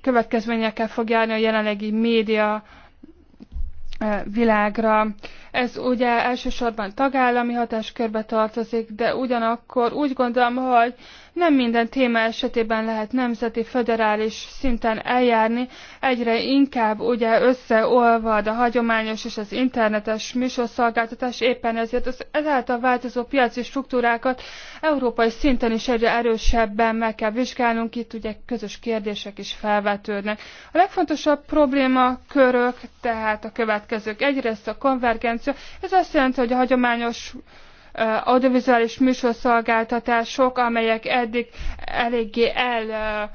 következményekkel fog járni a jelenlegi média világra. Ez ugye elsősorban tagállami hatáskörbe tartozik, de ugyanakkor úgy gondolom, hogy nem minden téma esetében lehet nemzeti, föderális szinten eljárni, egyre inkább ugye összeolvad a hagyományos és az internetes műsorszolgáltatás, éppen ezért az ezáltal változó piaci struktúrákat európai szinten is egyre erősebben meg kell vizsgálnunk, itt ugye közös kérdések is felvetődnek. A legfontosabb probléma körök, tehát a következők. Egyrészt a konvergencia, ez azt jelenti, hogy a hagyományos audiovizuális műsorszolgáltatások, amelyek eddig eléggé el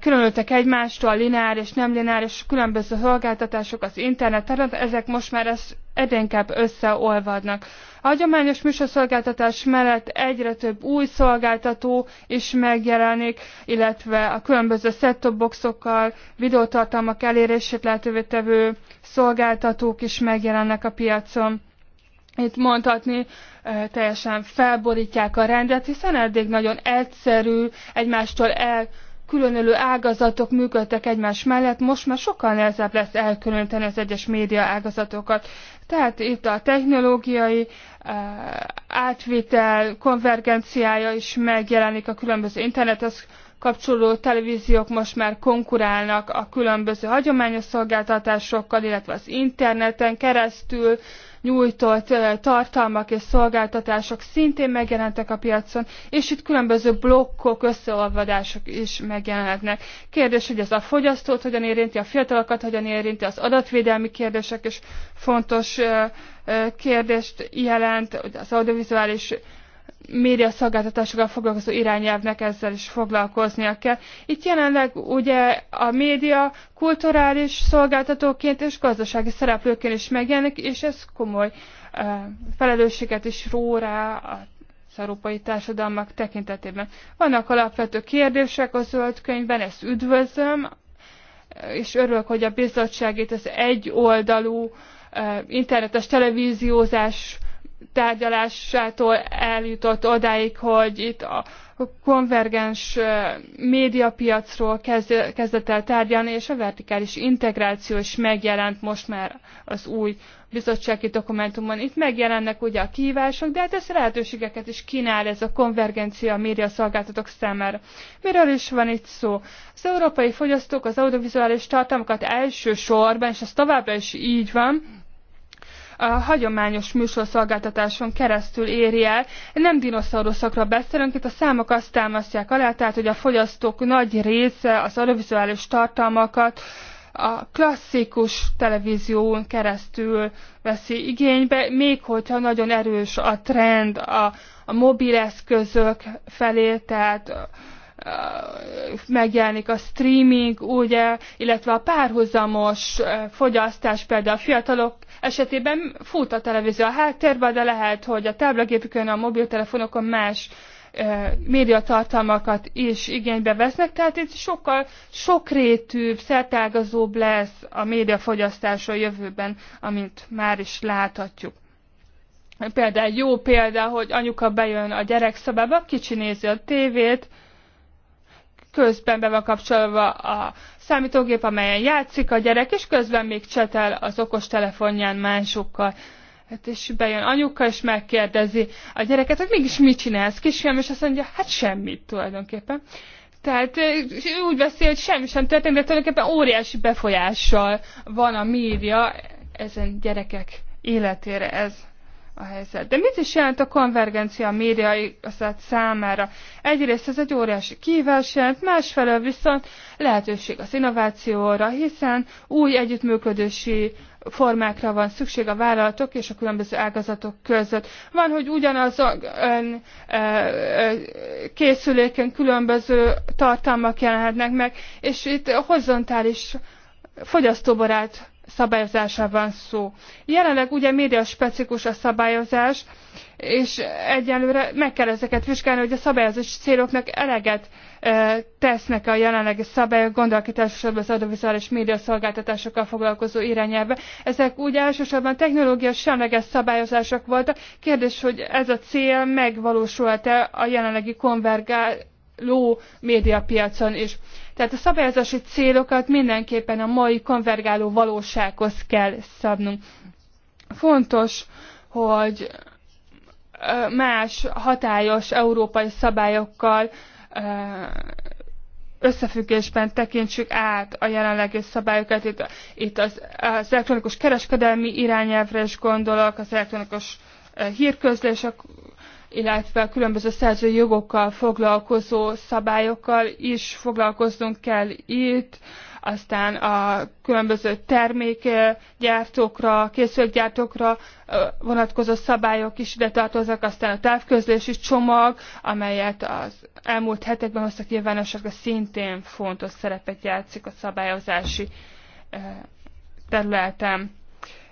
különültek egymástól, a linár és nem lineáris különböző szolgáltatások az interneten, ezek most már ezt egyre inkább összeolvadnak. A hagyományos műsorszolgáltatás mellett egyre több új szolgáltató is megjelenik, illetve a különböző set-top boxokkal, videótartalmak elérését lehetővé tevő szolgáltatók is megjelennek a piacon. Itt mondhatni teljesen felborítják a rendet, hiszen eddig nagyon egyszerű, egymástól el különölő ágazatok működtek egymás mellett, most már sokkal nehezebb lesz elkülöníteni az egyes média ágazatokat. Tehát itt a technológiai átvitel konvergenciája is megjelenik a különböző internethez kapcsolódó televíziók most már konkurálnak a különböző hagyományos szolgáltatásokkal, illetve az interneten keresztül nyújtott tartalmak és szolgáltatások szintén megjelentek a piacon, és itt különböző blokkok, összeolvadások is megjelenhetnek. Kérdés, hogy ez a fogyasztót hogyan érinti, a fiatalokat hogyan érinti, az adatvédelmi kérdések is fontos kérdést jelent, az audiovizuális média szolgáltatásokkal foglalkozó irányelvnek ezzel is foglalkoznia kell. Itt jelenleg ugye a média kulturális szolgáltatóként és gazdasági szereplőként is megjelenik, és ez komoly eh, felelősséget is ró rá az európai társadalmak tekintetében. Vannak alapvető kérdések a zöld könyvben, ezt üdvözlöm, és örülök, hogy a bizottságét az egyoldalú uh, internetes televíziózás tárgyalásától eljutott odáig, hogy itt a konvergens médiapiacról kezdett el tárgyalni, és a vertikális integráció is megjelent most már az új bizottsági dokumentumon. Itt megjelennek ugye a kihívások, de hát ez lehetőségeket is kínál ez a konvergencia a média szolgáltatók számára. Miről is van itt szó? Az európai fogyasztók az audiovizuális tartalmakat elsősorban, és ez továbbra is így van, a hagyományos műsorszolgáltatáson keresztül éri el. Nem dinoszauruszokra beszélünk, itt a számok azt támasztják alá, tehát hogy a fogyasztók nagy része az audiovizuális tartalmakat a klasszikus televízión keresztül veszi igénybe, még hogyha nagyon erős a trend a, a eszközök felé, tehát megjelenik a streaming, ugye, illetve a párhuzamos fogyasztás, például a fiatalok esetében fut a televízió a háttérben, de lehet, hogy a táblagépükön, a mobiltelefonokon más médiatartalmakat is igénybe vesznek, tehát itt sokkal sokrétűbb, szertágazóbb lesz a médiafogyasztása a jövőben, amit már is láthatjuk. Például jó példa, hogy anyuka bejön a gyerekszobába, kicsi nézi a tévét, közben be van kapcsolva a számítógép, amelyen játszik a gyerek, és közben még csetel az okostelefonján másokkal. Hát és bejön anyuka, és megkérdezi a gyereket, hogy mégis mit csinálsz, kisfiam, és azt mondja, hát semmit tulajdonképpen. Tehát eh, úgy beszél, hogy semmi sem történik, de tulajdonképpen óriási befolyással van a média ezen gyerekek életére ez a helyzet. De mit is jelent a konvergencia a médiai számára? Egyrészt ez egy óriási kívás jelent, másfelől viszont lehetőség az innovációra, hiszen új együttműködési formákra van szükség a vállalatok és a különböző ágazatok között. Van, hogy ugyanaz a készüléken különböző tartalmak jelenhetnek meg, és itt horizontális fogyasztóbarát szabályozásra van szó. Jelenleg ugye média specifikus a szabályozás, és egyelőre meg kell ezeket vizsgálni, hogy a szabályozás céloknak eleget e, tesznek a jelenlegi szabályok, gondolok itt elsősorban az audiovizuális média szolgáltatásokkal foglalkozó irányelve. Ezek úgy elsősorban technológiai, semleges szabályozások voltak. Kérdés, hogy ez a cél megvalósult-e a jelenlegi konvergál ló médiapiacon is. Tehát a szabályozási célokat mindenképpen a mai konvergáló valósághoz kell szabnunk. Fontos, hogy más hatályos európai szabályokkal összefüggésben tekintsük át a jelenlegi szabályokat. Itt, itt az, az elektronikus kereskedelmi irányelvre is gondolok, az elektronikus hírközlések illetve a különböző szerzői jogokkal foglalkozó szabályokkal is foglalkoznunk kell itt, aztán a különböző termékgyártókra, készülékgyártókra vonatkozó szabályok is ide tartoznak, aztán a távközlési csomag, amelyet az elmúlt hetekben hoztak nyilvánosságra, szintén fontos szerepet játszik a szabályozási területen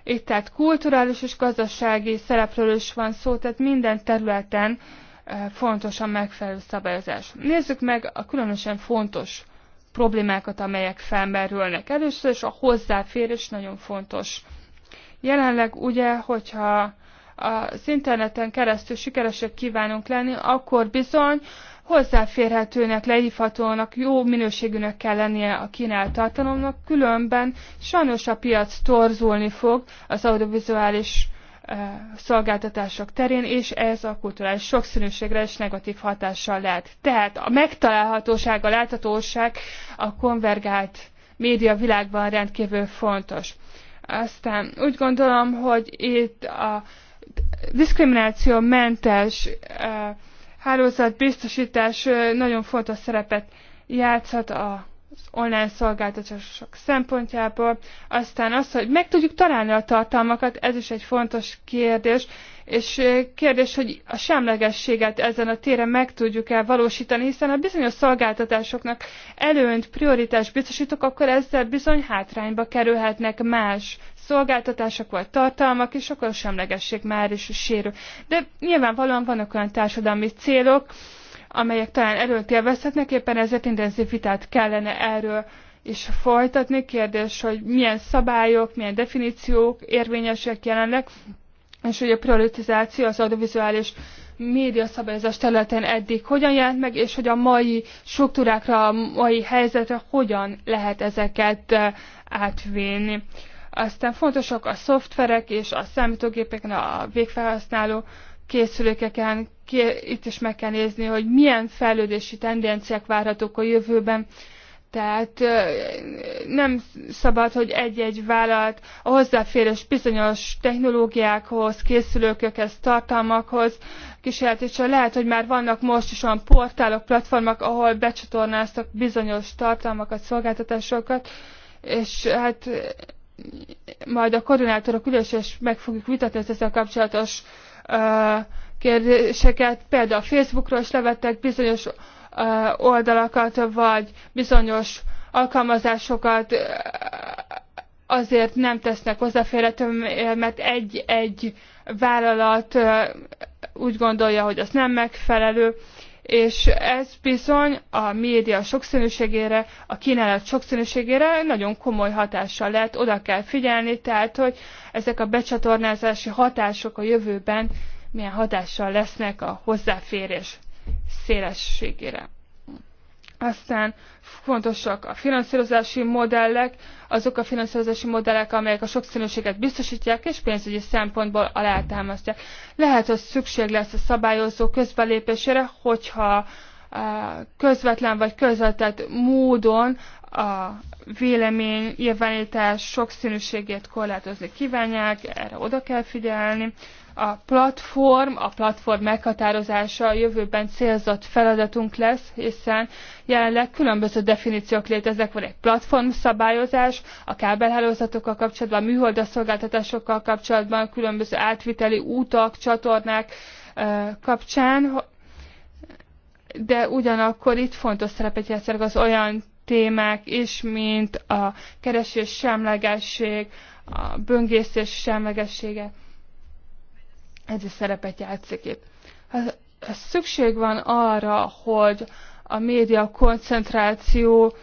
itt tehát kulturális és gazdasági szerepről is van szó, tehát minden területen e, fontos a megfelelő szabályozás. Nézzük meg a különösen fontos problémákat, amelyek felmerülnek. Először is a hozzáférés nagyon fontos. Jelenleg ugye, hogyha az interneten keresztül sikeresek kívánunk lenni, akkor bizony hozzáférhetőnek, leívhatónak, jó minőségűnek kell lennie a kínált tartalomnak, különben sajnos a piac torzulni fog az audiovizuális eh, szolgáltatások terén, és ez a kulturális sokszínűségre is negatív hatással lehet. Tehát a megtalálhatóság, a láthatóság a konvergált média világban rendkívül fontos. Aztán úgy gondolom, hogy itt a diszkriminációmentes mentes eh, Hálózat biztosítás nagyon fontos szerepet játszhat a az online szolgáltatások szempontjából. Aztán az, hogy meg tudjuk találni a tartalmakat, ez is egy fontos kérdés, és kérdés, hogy a semlegességet ezen a téren meg tudjuk-e valósítani, hiszen a bizonyos szolgáltatásoknak előnyt, prioritást biztosítok, akkor ezzel bizony hátrányba kerülhetnek más szolgáltatások vagy tartalmak, és akkor a semlegesség már is sérül. De nyilvánvalóan vannak olyan társadalmi célok, amelyek talán erőt élvezhetnek, éppen ezért intenzív vitát kellene erről és folytatni. Kérdés, hogy milyen szabályok, milyen definíciók érvényesek jelenleg, és hogy a prioritizáció az audiovizuális média szabályozás területén eddig hogyan jelent meg, és hogy a mai struktúrákra, a mai helyzetre hogyan lehet ezeket eh, átvinni. Aztán fontosak a szoftverek és a számítógépeken a végfelhasználó készülékeken, itt is meg kell nézni, hogy milyen fejlődési tendenciák várhatók a jövőben. Tehát nem szabad, hogy egy-egy vállalat a hozzáférés bizonyos technológiákhoz, készülőkökhez, tartalmakhoz kísérletésre. Lehet, hogy már vannak most is olyan portálok, platformok, ahol becsatornáztak bizonyos tartalmakat, szolgáltatásokat, és hát majd a koordinátorok ülés, és meg fogjuk vitatni az ezzel kapcsolatos kérdéseket. Például a Facebookról is levettek bizonyos oldalakat, vagy bizonyos alkalmazásokat azért nem tesznek hozzáférhető, mert egy-egy vállalat úgy gondolja, hogy az nem megfelelő és ez bizony a média sokszínűségére, a kínálat sokszínűségére nagyon komoly hatással lehet, oda kell figyelni, tehát hogy ezek a becsatornázási hatások a jövőben milyen hatással lesznek a hozzáférés szélességére. Aztán fontosak a finanszírozási modellek, azok a finanszírozási modellek, amelyek a sokszínűséget biztosítják és pénzügyi szempontból alátámasztják. Lehet, hogy szükség lesz a szabályozó közbelépésére, hogyha eh, közvetlen vagy közvetett módon a vélemény nyilvánítás sokszínűségét korlátozni kívánják, erre oda kell figyelni. A platform, a platform meghatározása a jövőben célzott feladatunk lesz, hiszen jelenleg különböző definíciók léteznek, van egy platform szabályozás, a kábelhálózatokkal kapcsolatban, a műholdaszolgáltatásokkal kapcsolatban, különböző átviteli útak, csatornák kapcsán, de ugyanakkor itt fontos szerepet játszanak az olyan témák is, mint a keresés semlegesség, a böngészés semlegessége. Ez a szerepet játszik itt. Ha, ha szükség van arra, hogy a média koncentráció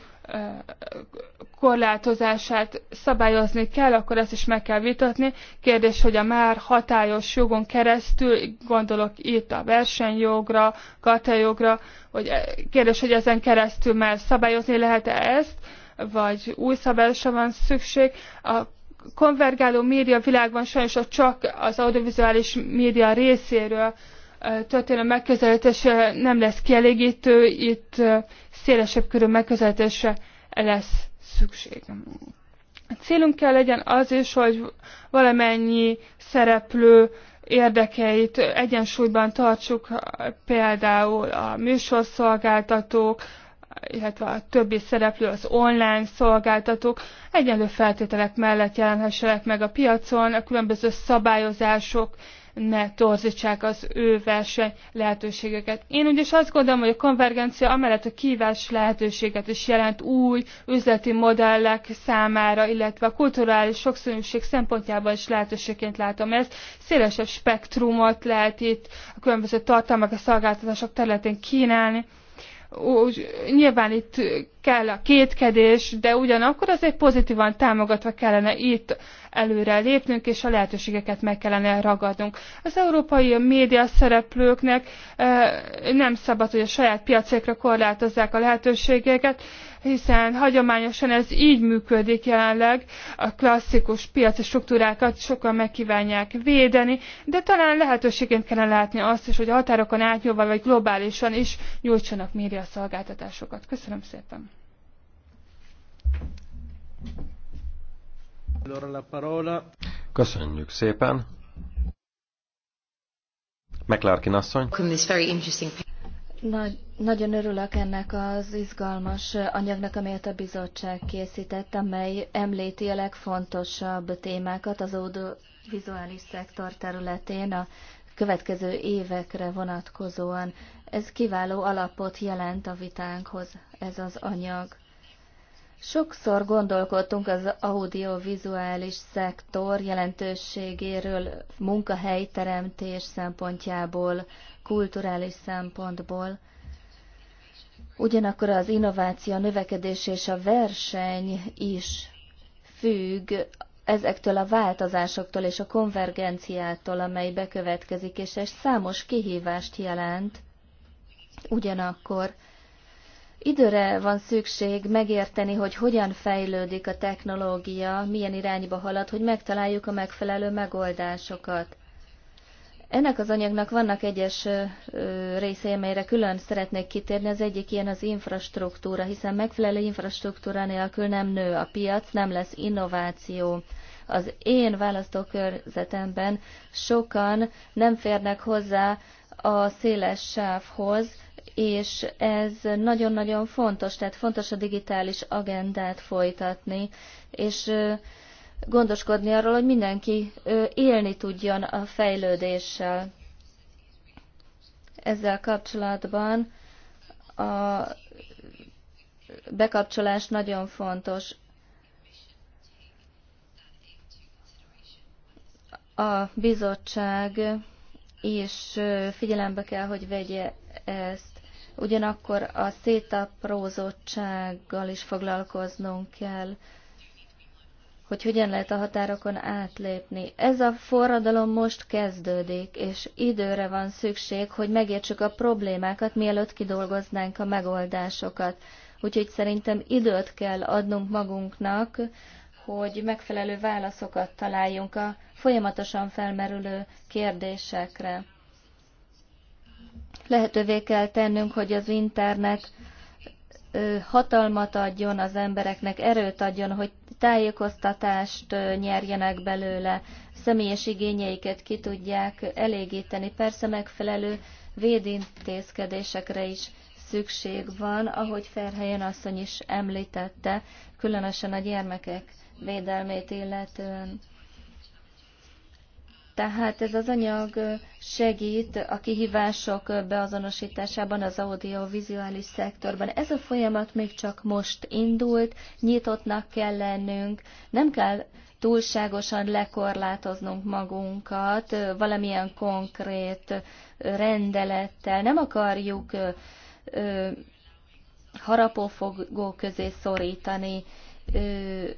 korlátozását szabályozni kell, akkor ezt is meg kell vitatni. Kérdés, hogy a már hatályos jogon keresztül, gondolok itt a versenyjogra, katajogra, hogy eh, kérdés, hogy ezen keresztül már szabályozni lehet-e ezt, vagy új szabályosra van szükség. A konvergáló média világban sajnos a csak az audiovizuális média részéről eh, történő megközelítés eh, nem lesz kielégítő, itt szélesebb körű megközelítésre lesz szükség. A célunk kell legyen az is, hogy valamennyi szereplő érdekeit egyensúlyban tartsuk, például a műsorszolgáltatók, illetve a többi szereplő, az online szolgáltatók egyenlő feltételek mellett jelenhessenek meg a piacon, a különböző szabályozások ne torzítsák az ő verseny lehetőségeket. Én ugye azt gondolom, hogy a konvergencia amellett a kívás lehetőséget is jelent új üzleti modellek számára, illetve a kulturális sokszínűség szempontjában is lehetőségként látom ezt. Szélesebb spektrumot lehet itt a különböző tartalmak, a szolgáltatások területén kínálni úgy, nyilván itt kell a kétkedés, de ugyanakkor azért pozitívan támogatva kellene itt előre lépnünk, és a lehetőségeket meg kellene ragadnunk. Az európai média szereplőknek eh, nem szabad, hogy a saját piacékra korlátozzák a lehetőségeket, hiszen hagyományosan ez így működik jelenleg, a klasszikus piaci struktúrákat sokan megkívánják védeni, de talán lehetőségként kellene látni azt is, hogy a határokon átnyúlva vagy globálisan is nyújtsanak média szolgáltatásokat. Köszönöm szépen! Köszönjük szépen! McLarkin asszony. Nagy, nagyon örülök ennek az izgalmas anyagnak, amelyet a bizottság készített, amely említi a legfontosabb témákat az audiovizuális szektor területén a következő évekre vonatkozóan. Ez kiváló alapot jelent a vitánkhoz, ez az anyag. Sokszor gondolkodtunk az audiovizuális szektor jelentőségéről munkahelyteremtés szempontjából, kulturális szempontból. Ugyanakkor az innováció, a növekedés és a verseny is függ ezektől a változásoktól és a konvergenciától, amely bekövetkezik, és ez számos kihívást jelent. Ugyanakkor időre van szükség megérteni, hogy hogyan fejlődik a technológia, milyen irányba halad, hogy megtaláljuk a megfelelő megoldásokat. Ennek az anyagnak vannak egyes részei, amelyre külön szeretnék kitérni. Az egyik ilyen az infrastruktúra, hiszen megfelelő infrastruktúra nélkül nem nő a piac, nem lesz innováció. Az én választókörzetemben sokan nem férnek hozzá a széles sávhoz, és ez nagyon-nagyon fontos, tehát fontos a digitális agendát folytatni, és gondoskodni arról, hogy mindenki élni tudjon a fejlődéssel. Ezzel kapcsolatban a bekapcsolás nagyon fontos. A bizottság is figyelembe kell, hogy vegye ezt. Ugyanakkor a szétaprózottsággal is foglalkoznunk kell hogy hogyan lehet a határokon átlépni. Ez a forradalom most kezdődik, és időre van szükség, hogy megértsük a problémákat, mielőtt kidolgoznánk a megoldásokat. Úgyhogy szerintem időt kell adnunk magunknak, hogy megfelelő válaszokat találjunk a folyamatosan felmerülő kérdésekre. Lehetővé kell tennünk, hogy az internet hatalmat adjon az embereknek, erőt adjon, hogy tájékoztatást nyerjenek belőle, személyes igényeiket ki tudják elégíteni. Persze megfelelő védintézkedésekre is szükség van, ahogy Ferhelyen asszony is említette, különösen a gyermekek védelmét illetően. Tehát ez az anyag segít a kihívások beazonosításában az audiovizuális szektorban. Ez a folyamat még csak most indult, nyitottnak kell lennünk, nem kell túlságosan lekorlátoznunk magunkat valamilyen konkrét rendelettel. Nem akarjuk harapófogó közé szorítani,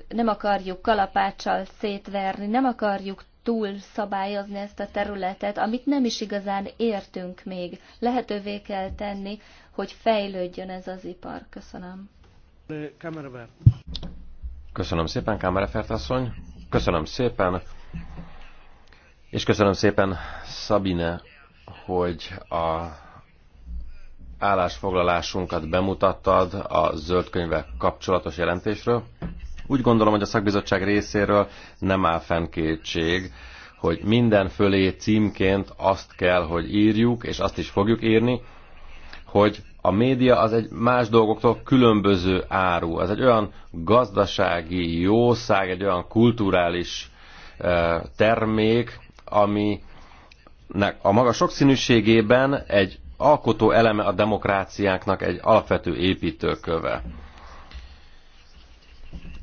nem akarjuk kalapáccsal szétverni, nem akarjuk túl szabályozni ezt a területet, amit nem is igazán értünk még. Lehetővé kell tenni, hogy fejlődjön ez az ipar. Köszönöm. Köszönöm szépen, Kamerafert asszony. Köszönöm szépen. És köszönöm szépen, Szabine, hogy a állásfoglalásunkat bemutattad a zöld kapcsolatos jelentésről. Úgy gondolom, hogy a szakbizottság részéről nem áll fenn kétség, hogy minden fölé címként azt kell, hogy írjuk, és azt is fogjuk írni, hogy a média az egy más dolgoktól különböző áru. Ez egy olyan gazdasági jószág, egy olyan kulturális termék, ami a maga sokszínűségében egy alkotó eleme a demokráciáknak egy alapvető építőköve.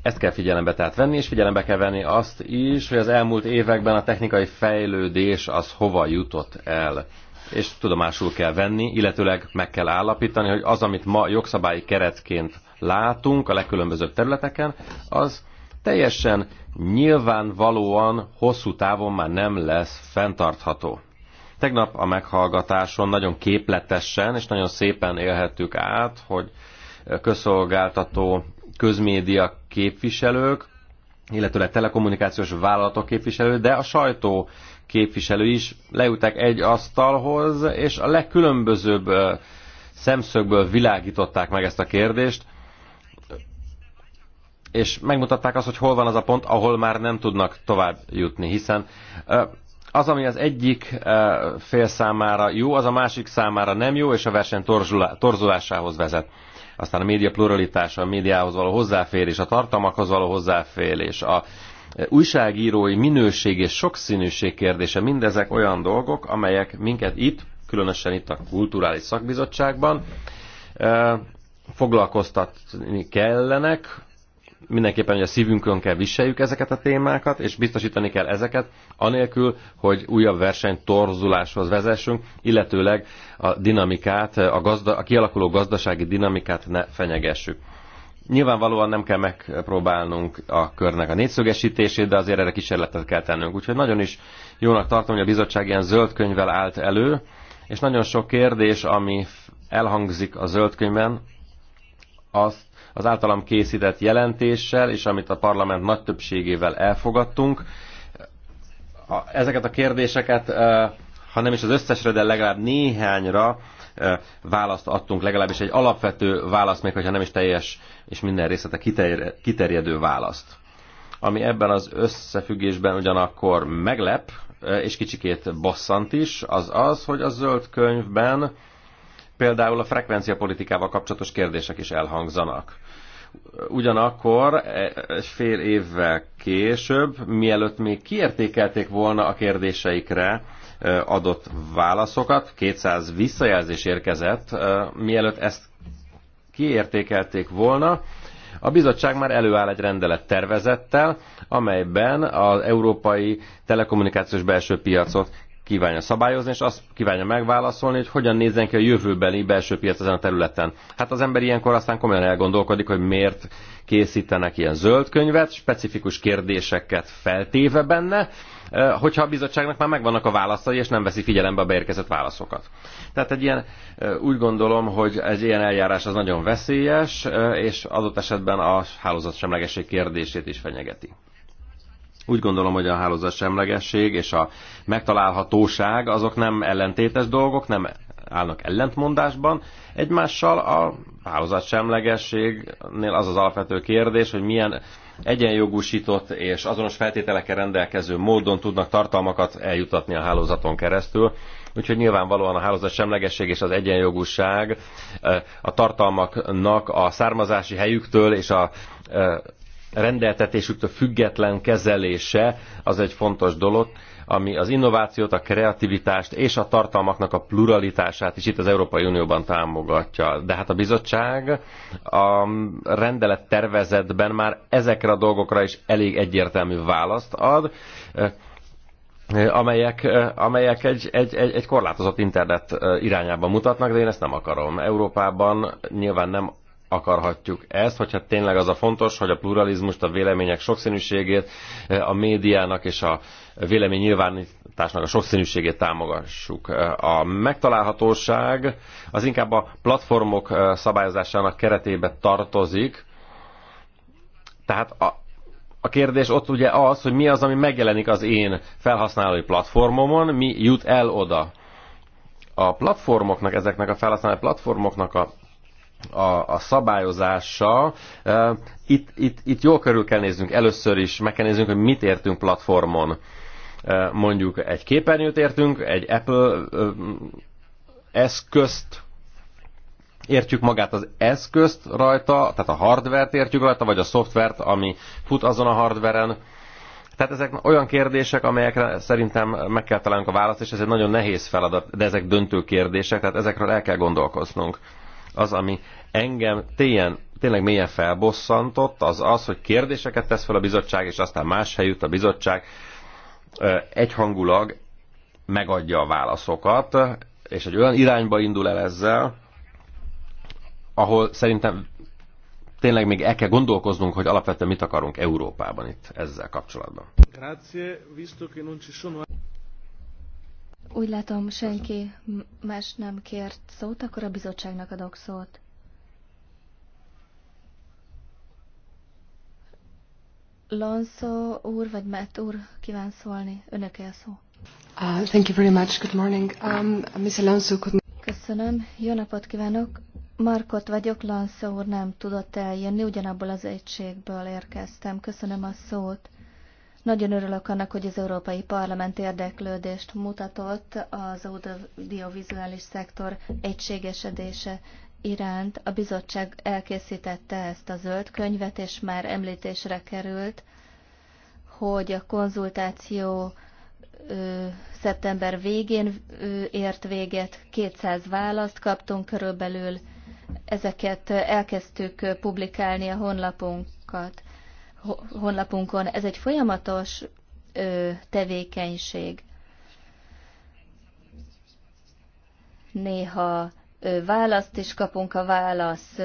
Ezt kell figyelembe tehát venni, és figyelembe kell venni azt is, hogy az elmúlt években a technikai fejlődés az hova jutott el. És tudomásul kell venni, illetőleg meg kell állapítani, hogy az, amit ma jogszabályi keretként látunk a legkülönbözőbb területeken, az teljesen nyilvánvalóan hosszú távon már nem lesz fenntartható. Tegnap a meghallgatáson nagyon képletesen és nagyon szépen élhettük át, hogy közszolgáltató közmédia képviselők, illetőleg telekommunikációs vállalatok képviselő, de a sajtó képviselő is leültek egy asztalhoz, és a legkülönbözőbb szemszögből világították meg ezt a kérdést, és megmutatták azt, hogy hol van az a pont, ahol már nem tudnak tovább jutni, hiszen az, ami az egyik fél számára jó, az a másik számára nem jó, és a verseny torzulásához vezet aztán a média pluralitása, a médiához való hozzáférés, a tartalmakhoz való hozzáférés, a e, újságírói minőség és sokszínűség kérdése, mindezek olyan dolgok, amelyek minket itt, különösen itt a Kulturális Szakbizottságban e, foglalkoztatni kellenek, mindenképpen, hogy a szívünkön kell viseljük ezeket a témákat, és biztosítani kell ezeket, anélkül, hogy újabb torzuláshoz vezessünk, illetőleg a dinamikát, a, gazda, a kialakuló gazdasági dinamikát ne fenyegessük. Nyilvánvalóan nem kell megpróbálnunk a körnek a négyszögesítését, de azért erre kísérletet kell tennünk. Úgyhogy nagyon is jónak tartom, hogy a bizottság ilyen zöld könyvvel állt elő, és nagyon sok kérdés, ami elhangzik a zöld könyvben, azt az általam készített jelentéssel, és amit a parlament nagy többségével elfogadtunk. Ezeket a kérdéseket, ha nem is az összesre, de legalább néhányra választ adtunk, legalábbis egy alapvető választ, még hogyha nem is teljes és minden részlete kiterjedő választ. Ami ebben az összefüggésben ugyanakkor meglep, és kicsikét bosszant is, az az, hogy a zöld könyvben Például a frekvenciapolitikával kapcsolatos kérdések is elhangzanak. Ugyanakkor e- egy fél évvel később, mielőtt még kiértékelték volna a kérdéseikre e, adott válaszokat, 200 visszajelzés érkezett, e, mielőtt ezt kiértékelték volna, a bizottság már előáll egy rendelet tervezettel, amelyben az európai telekommunikációs belső piacot kívánja szabályozni, és azt kívánja megválaszolni, hogy hogyan nézzen ki a jövőbeli belső piac ezen a területen. Hát az ember ilyenkor aztán komolyan elgondolkodik, hogy miért készítenek ilyen zöld könyvet, specifikus kérdéseket feltéve benne, hogyha a bizottságnak már megvannak a válaszai, és nem veszi figyelembe a beérkezett válaszokat. Tehát egy ilyen, úgy gondolom, hogy egy ilyen eljárás az nagyon veszélyes, és adott esetben a hálózat semlegesség kérdését is fenyegeti. Úgy gondolom, hogy a hálózat semlegesség és a megtalálhatóság azok nem ellentétes dolgok, nem állnak ellentmondásban egymással. A hálózat semlegességnél az az alapvető kérdés, hogy milyen egyenjogúsított és azonos feltételekkel rendelkező módon tudnak tartalmakat eljutatni a hálózaton keresztül. Úgyhogy nyilvánvalóan a hálózat semlegesség és az egyenjogúság eh, a tartalmaknak a származási helyüktől és a eh, rendeltetésüktől független kezelése az egy fontos dolog, ami az innovációt, a kreativitást és a tartalmaknak a pluralitását is itt az Európai Unióban támogatja. De hát a bizottság a rendelet tervezetben már ezekre a dolgokra is elég egyértelmű választ ad, amelyek, amelyek egy, egy, egy, egy korlátozott internet irányába mutatnak, de én ezt nem akarom. Európában nyilván nem akarhatjuk ezt, hogyha tényleg az a fontos, hogy a pluralizmust, a vélemények sokszínűségét, eh, a médiának és a vélemény nyilvánításnak a sokszínűségét támogassuk. Eh, a megtalálhatóság az inkább a platformok eh, szabályozásának keretébe tartozik, tehát a, a kérdés ott ugye az, hogy mi az, ami megjelenik az én felhasználói platformomon, mi jut el oda. A platformoknak, ezeknek a felhasználói platformoknak a a, a szabályozása Itt, itt, itt jól körül kell néznünk először is, meg kell néznünk, hogy mit értünk platformon. Mondjuk egy képernyőt értünk, egy Apple eszközt értjük magát az eszközt rajta, tehát a hardvert értjük rajta, vagy a szoftvert, ami fut azon a hardveren. Tehát ezek olyan kérdések, amelyekre szerintem meg kell találnunk a választ, és ez egy nagyon nehéz feladat, de ezek döntő kérdések, tehát ezekről el kell gondolkoznunk az, ami engem tényleg, tényleg mélyen felbosszantott, az az, hogy kérdéseket tesz fel a bizottság, és aztán más helyütt a bizottság egyhangulag megadja a válaszokat, és egy olyan irányba indul el ezzel, ahol szerintem tényleg még el kell gondolkoznunk, hogy alapvetően mit akarunk Európában itt ezzel kapcsolatban. Úgy látom, senki más nem kért szót, akkor a bizottságnak adok szót. Lonzo úr vagy Matt úr kíván szólni. Önök el szó. Uh, thank you very much. Good morning. Um, Miss Lonzo, could... Köszönöm. Jó napot kívánok. Markot vagyok, Lonzo úr nem tudott eljönni, ugyanabból az egységből érkeztem. Köszönöm a szót. Nagyon örülök annak, hogy az Európai Parlament érdeklődést mutatott az audiovizuális szektor egységesedése iránt. A bizottság elkészítette ezt a zöld könyvet, és már említésre került, hogy a konzultáció szeptember végén ért véget, 200 választ kaptunk körülbelül, ezeket elkezdtük publikálni a honlapunkat honlapunkon. Ez egy folyamatos tevékenység. Néha választ is kapunk, a válasz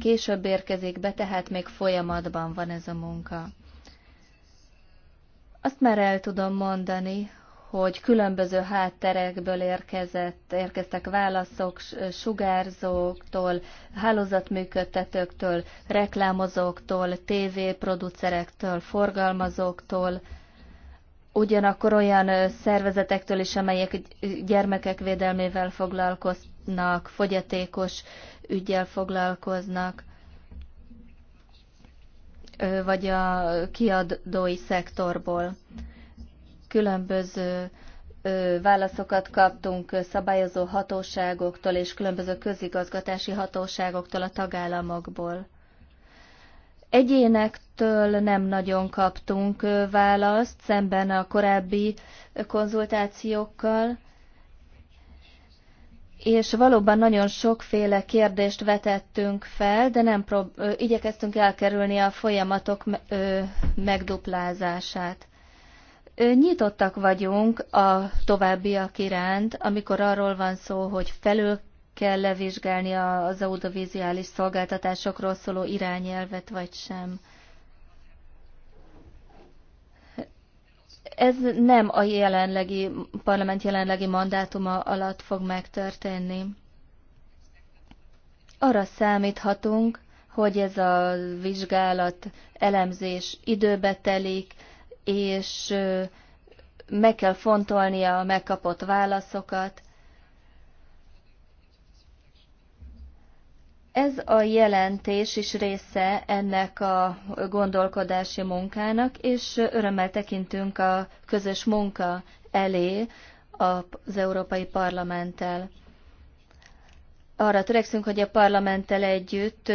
később érkezik be, tehát még folyamatban van ez a munka. Azt már el tudom mondani, hogy különböző hátterekből érkezett, érkeztek válaszok sugárzóktól, hálózatműködtetőktől, reklámozóktól, tévéproducerektől, forgalmazóktól, ugyanakkor olyan szervezetektől is, amelyek gyermekek védelmével foglalkoznak, fogyatékos ügyel foglalkoznak, vagy a kiadói szektorból különböző válaszokat kaptunk szabályozó hatóságoktól és különböző közigazgatási hatóságoktól a tagállamokból. Egyénektől nem nagyon kaptunk választ szemben a korábbi konzultációkkal, és valóban nagyon sokféle kérdést vetettünk fel, de nem prób- igyekeztünk elkerülni a folyamatok megduplázását. Nyitottak vagyunk a továbbiak iránt, amikor arról van szó, hogy felül kell levizsgálni az audiovizuális szolgáltatásokról szóló irányelvet, vagy sem. Ez nem a jelenlegi parlament jelenlegi mandátuma alatt fog megtörténni. Arra számíthatunk, hogy ez a vizsgálat, elemzés időbe telik, és meg kell fontolnia a megkapott válaszokat. Ez a jelentés is része ennek a gondolkodási munkának, és örömmel tekintünk a közös munka elé az Európai Parlamenttel arra törekszünk, hogy a parlamenttel együtt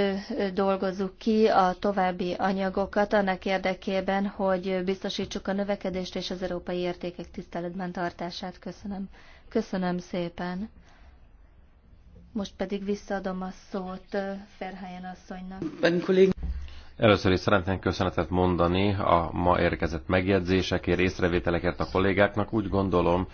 dolgozzuk ki a további anyagokat annak érdekében, hogy biztosítsuk a növekedést és az európai értékek tiszteletben tartását. Köszönöm. Köszönöm szépen. Most pedig visszaadom a szót Ferhelyen asszonynak. Először is szeretnék köszönetet mondani a ma érkezett megjegyzésekért, észrevételekért a kollégáknak. Úgy gondolom,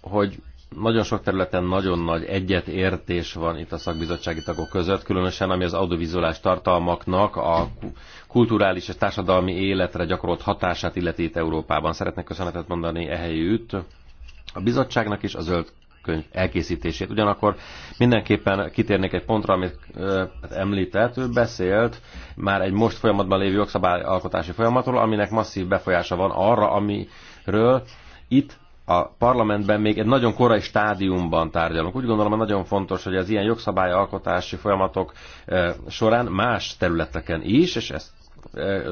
hogy nagyon sok területen nagyon nagy egyetértés van itt a szakbizottsági tagok között, különösen ami az audiovizuális tartalmaknak a kulturális és társadalmi életre gyakorolt hatását illeti itt Európában. Szeretnék köszönetet mondani ehelyütt a bizottságnak is, a zöld könyv elkészítését. Ugyanakkor mindenképpen kitérnék egy pontra, amit ö, hát említett, ő beszélt már egy most folyamatban lévő jogszabályalkotási folyamatról, aminek masszív befolyása van arra, amiről itt a parlamentben még egy nagyon korai stádiumban tárgyalunk. Úgy gondolom, hogy nagyon fontos, hogy az ilyen jogszabályalkotási folyamatok eh, során más területeken is, és ezt eh,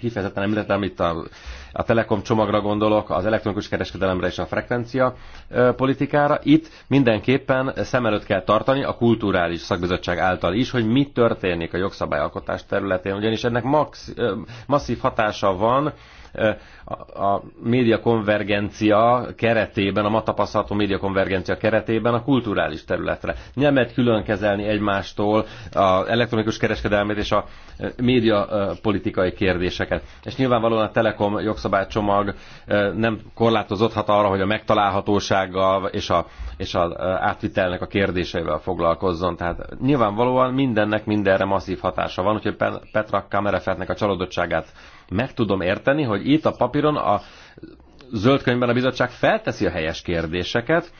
kifejezetten említettem, itt a, a Telekom csomagra gondolok, az elektronikus kereskedelemre és a frekvencia eh, politikára. Itt mindenképpen szem előtt kell tartani a kulturális szakbizottság által is, hogy mi történik a jogszabályalkotás területén, ugyanis ennek max, masszív hatása van a média konvergencia keretében, a ma tapasztalható konvergencia keretében a kulturális területre. Nem lehet külön kezelni egymástól az elektronikus kereskedelmet és a média politikai kérdéseket. És nyilvánvalóan a Telekom jogszabálycsomag nem korlátozódhat arra, hogy a megtalálhatósággal és a, és a átvitelnek a kérdéseivel foglalkozzon. Tehát nyilvánvalóan mindennek mindenre masszív hatása van, úgyhogy Petra Kamerefertnek a csalódottságát meg tudom érteni, hogy itt a papíron a zöld könyvben a bizottság felteszi a helyes kérdéseket,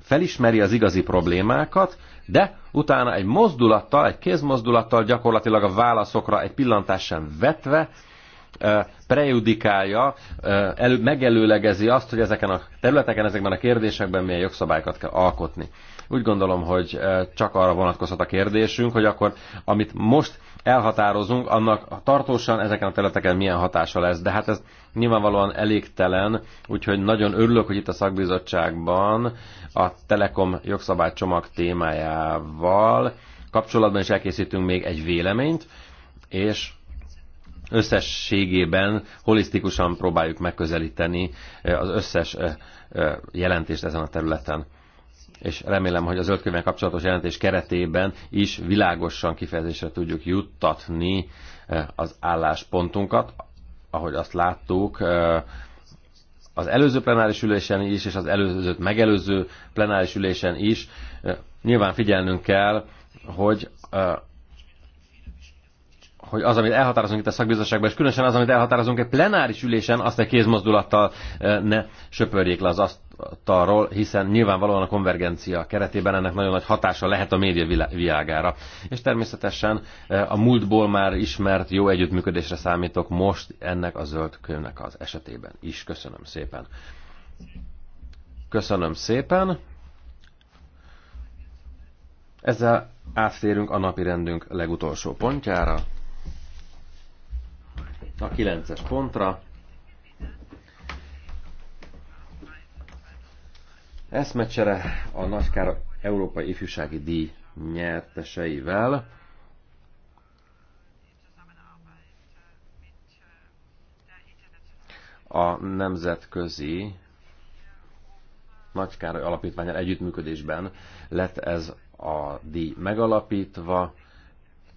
felismeri az igazi problémákat, de utána egy mozdulattal, egy kézmozdulattal gyakorlatilag a válaszokra egy pillantás sem vetve prejudikálja, elő, megelőlegezi azt, hogy ezeken a területeken, ezekben a kérdésekben milyen jogszabályokat kell alkotni. Úgy gondolom, hogy csak arra vonatkozhat a kérdésünk, hogy akkor, amit most elhatározunk, annak tartósan ezeken a területeken milyen hatása lesz. De hát ez nyilvánvalóan elégtelen, úgyhogy nagyon örülök, hogy itt a szakbizottságban a Telekom jogszabálycsomag témájával kapcsolatban is elkészítünk még egy véleményt, és összességében holisztikusan próbáljuk megközelíteni eh, az összes eh, eh, jelentést ezen a területen és remélem, hogy a zöldkönyvvel kapcsolatos jelentés keretében is világosan kifejezésre tudjuk juttatni eh, az álláspontunkat, ahogy azt láttuk, eh, az előző plenáris ülésen is, és az előzőt megelőző plenáris ülésen is eh, nyilván figyelnünk kell, hogy hogy az, amit elhatározunk itt a szakbizottságban, és különösen az, amit elhatározunk egy plenáris ülésen, azt egy kézmozdulattal ne söpörjék le az asztalról, hiszen nyilvánvalóan a konvergencia keretében ennek nagyon nagy hatása lehet a média világára. És természetesen a múltból már ismert jó együttműködésre számítok most ennek a zöld kövnek az esetében is. Köszönöm szépen. Köszönöm szépen. Ezzel áttérünk a napi rendünk legutolsó pontjára, a 9-es pontra. Eszmecsere a Nagykára Európai Ifjúsági Díj nyerteseivel. A nemzetközi Nagykároly Alapítványal együttműködésben lett ez a díj megalapítva.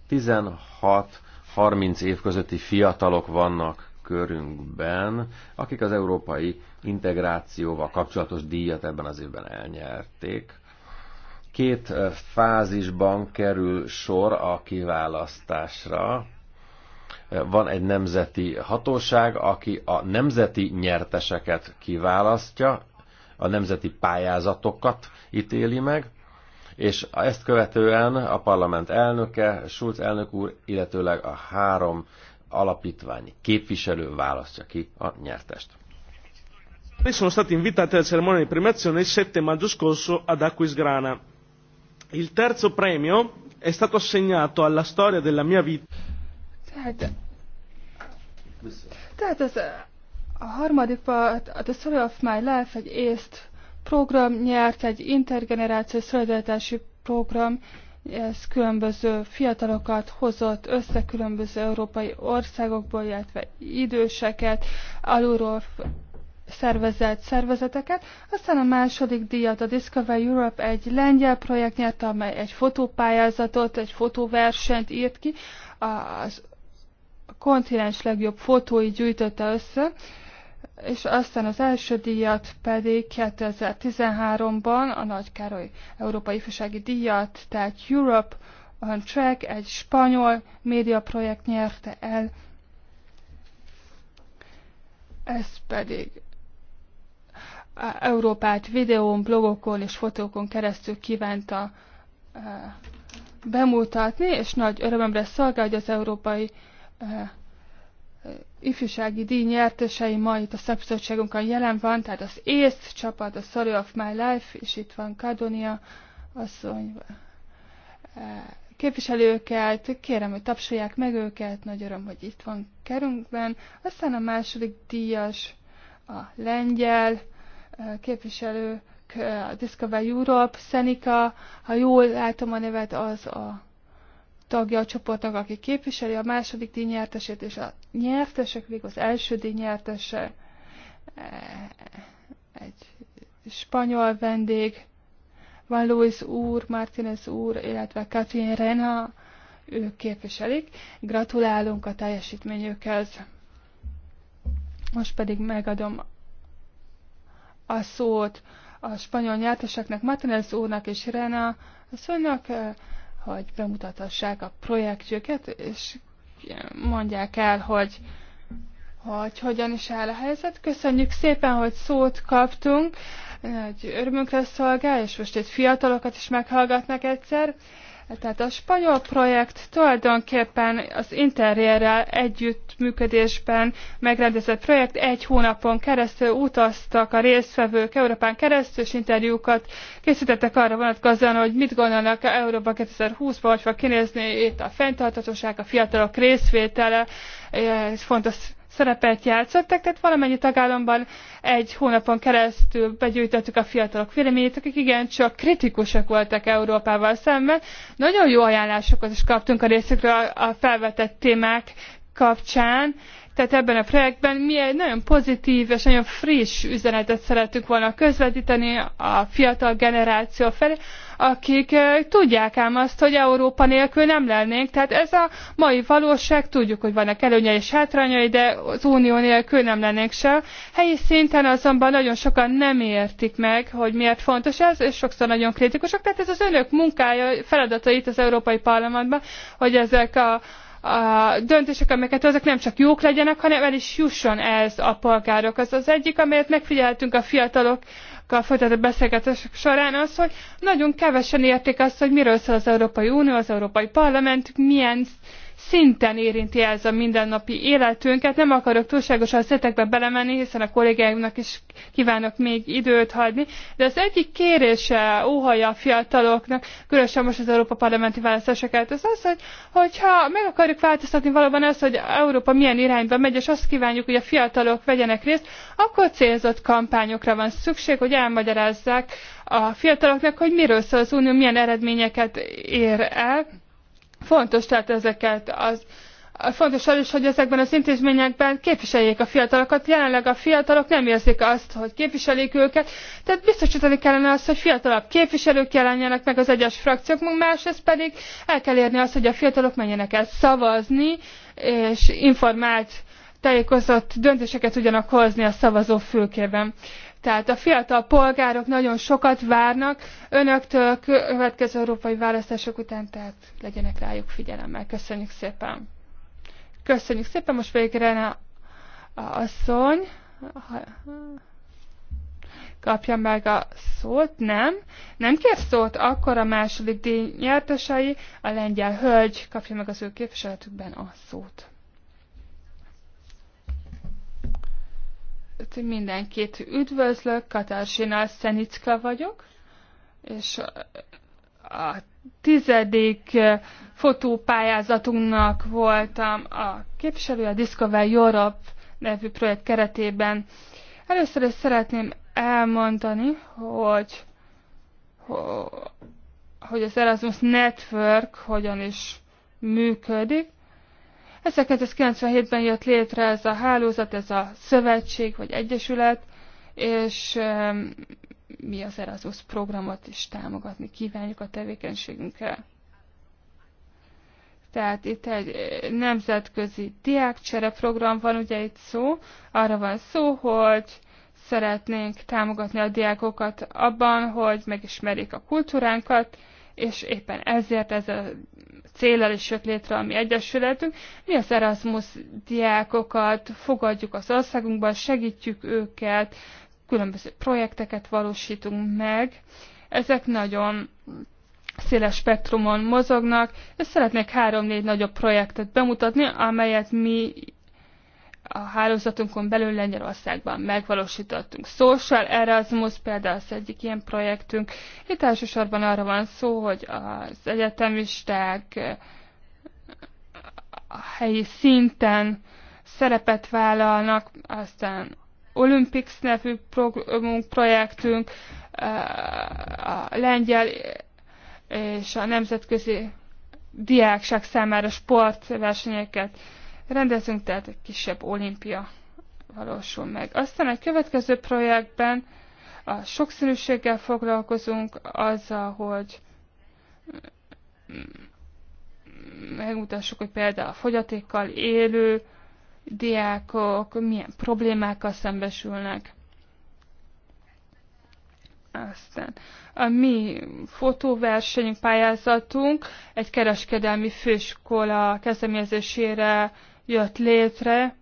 16 30 év közötti fiatalok vannak körünkben, akik az európai integrációval kapcsolatos díjat ebben az évben elnyerték. Két fázisban kerül sor a kiválasztásra. Van egy nemzeti hatóság, aki a nemzeti nyerteseket kiválasztja, a nemzeti pályázatokat ítéli meg, és ezt követően a parlament elnöke, Schulz elnök úr, illetőleg a három alapítványi képviselő választja ki a nyertest. Sono stati invitati alla cerimonia di premiazione il 7 maggio scorso ad Aquisgrana. Il terzo premio è stato assegnato alla storia della mia vita. Tehát, tehát ez a harmadik part, The Story of My Life, egy észt program nyert, egy intergenerációs szolidaritási program, ez különböző fiatalokat hozott össze különböző európai országokból, illetve időseket, alulról szervezett szervezeteket. Aztán a második díjat a Discover Europe egy lengyel projekt nyerte, amely egy fotópályázatot, egy fotóversenyt írt ki. Az kontinens legjobb fotói gyűjtötte össze, és aztán az első díjat pedig 2013-ban a Nagy Károly Európai Ifjúsági Díjat, tehát Europe on Track, egy spanyol médiaprojekt nyerte el. Ez pedig Európát videón, blogokon és fotókon keresztül kívánta eh, bemutatni, és nagy örömömre szolgál, hogy az Európai eh, ifjúsági díj nyertesei ma itt a szakbizottságunkon jelen van, tehát az ÉSZ csapat, a Sorry of My Life, és itt van Kadonia asszony eh, képviselőket, kérem, hogy tapsolják meg őket, nagy öröm, hogy itt van kerünkben. Aztán a második díjas, a lengyel eh, képviselők, eh, a Discover Europe, Szenika, ha jól látom a nevet, az a tagja a csoportnak, aki képviseli a második díj nyertesét, és a nyertesek pedig az első díj nyertese e, egy spanyol vendég, Van Luis úr, Martínez úr, illetve Katrin Rena, ők képviselik. Gratulálunk a teljesítményükhez. Most pedig megadom a szót a spanyol nyerteseknek, Martínez úrnak és Rena asszonynak. Szóval hogy bemutathassák a projektjüket, és mondják el, hogy, hogy hogyan is áll a helyzet. Köszönjük szépen, hogy szót kaptunk, hogy örömünkre szolgál, és most itt fiatalokat is meghallgatnak egyszer. Tehát a spanyol projekt tulajdonképpen az interjérrel együttműködésben megrendezett projekt. Egy hónapon keresztül utaztak a résztvevők Európán keresztül, és interjúkat készítettek arra vonatkozóan, hogy mit gondolnak Európa 2020-ban, hogy fog kinézni itt a fenntartatóság, a fiatalok részvétele, ez fontos szerepet játszottak, tehát valamennyi tagállamban egy hónapon keresztül begyűjtöttük a fiatalok véleményét, akik igencsak kritikusak voltak Európával szemben. Nagyon jó ajánlásokat is kaptunk a részükről a felvetett témák kapcsán, tehát ebben a projektben mi egy nagyon pozitív és nagyon friss üzenetet szeretünk volna közvetíteni a fiatal generáció felé, akik tudják ám azt, hogy Európa nélkül nem lennénk. Tehát ez a mai valóság, tudjuk, hogy vannak előnyei és hátrányai, de az unió nélkül nem lennénk se. Helyi szinten azonban nagyon sokan nem értik meg, hogy miért fontos ez, és sokszor nagyon kritikusak. Tehát ez az önök munkája, feladata itt az Európai Parlamentben, hogy ezek a a döntések, amiket azok nem csak jók legyenek, hanem el is jusson ez a polgárok. Az az egyik, amelyet megfigyeltünk a fiatalok folytatott beszélgetések során az, hogy nagyon kevesen értik azt, hogy miről szól az Európai Unió, az Európai Parlament, milyen szinten érinti ez a mindennapi életünket. Nem akarok túlságosan szetekbe belemenni, hiszen a kollégáimnak is kívánok még időt hagyni, de az egyik kérése óhaja a fiataloknak, különösen most az Európa parlamenti választásokat, az az, hogy hogyha meg akarjuk változtatni valóban azt, hogy Európa milyen irányba megy, és azt kívánjuk, hogy a fiatalok vegyenek részt, akkor célzott kampányokra van szükség, hogy elmagyarázzák a fiataloknak, hogy miről szól az unió, milyen eredményeket ér el, Fontos tehát ezeket az Fontos az is, hogy ezekben az intézményekben képviseljék a fiatalokat. Jelenleg a fiatalok nem érzik azt, hogy képviselik őket, tehát biztosítani kellene azt, hogy fiatalabb képviselők jelenjenek meg az egyes frakciók másrészt pedig el kell érni azt, hogy a fiatalok menjenek el szavazni, és informált tájékozott döntéseket tudjanak hozni a szavazó fülkében. Tehát a fiatal polgárok nagyon sokat várnak önöktől következő európai választások után, tehát legyenek rájuk figyelemmel. Köszönjük szépen! Köszönjük szépen, most pedig Rena asszony kapja meg a szót, nem? Nem kér szót, akkor a második díj nyertesei, a lengyel hölgy kapja meg az ő képviseletükben a szót. mindenkit üdvözlök, Katarzyna Szenicka vagyok, és a tizedik fotópályázatunknak voltam a képviselő, a Discover Europe nevű projekt keretében. Először is szeretném elmondani, hogy, hogy az Erasmus Network hogyan is működik. 1997-ben jött létre ez a hálózat, ez a szövetség vagy egyesület, és mi az Erasmus programot is támogatni kívánjuk a tevékenységünkkel. Tehát itt egy eh, nemzetközi diákcsere program van, ugye itt szó, arra van szó, hogy szeretnénk támogatni a diákokat abban, hogy megismerik a kultúránkat, és éppen ezért ez a célral is jött létre a mi egyesületünk. Mi az Erasmus diákokat fogadjuk az országunkban, segítjük őket, különböző projekteket valósítunk meg. Ezek nagyon széles spektrumon mozognak, és szeretnék három-négy nagyobb projektet bemutatni, amelyet mi a hálózatunkon belül Lengyelországban megvalósítottunk. Social Erasmus például az egyik ilyen projektünk. Itt elsősorban arra van szó, hogy az egyetemisták a helyi szinten szerepet vállalnak, aztán Olympics nevű programunk, projektünk, a lengyel és a nemzetközi diákság számára sportversenyeket rendezünk, tehát egy kisebb olimpia valósul meg. Aztán egy következő projektben a sokszínűséggel foglalkozunk azzal, hogy megmutassuk, hogy például a fogyatékkal élő diákok milyen problémákkal szembesülnek. Aztán a mi fotóversenyünk, pályázatunk egy kereskedelmi főiskola kezdeményezésére jött létre,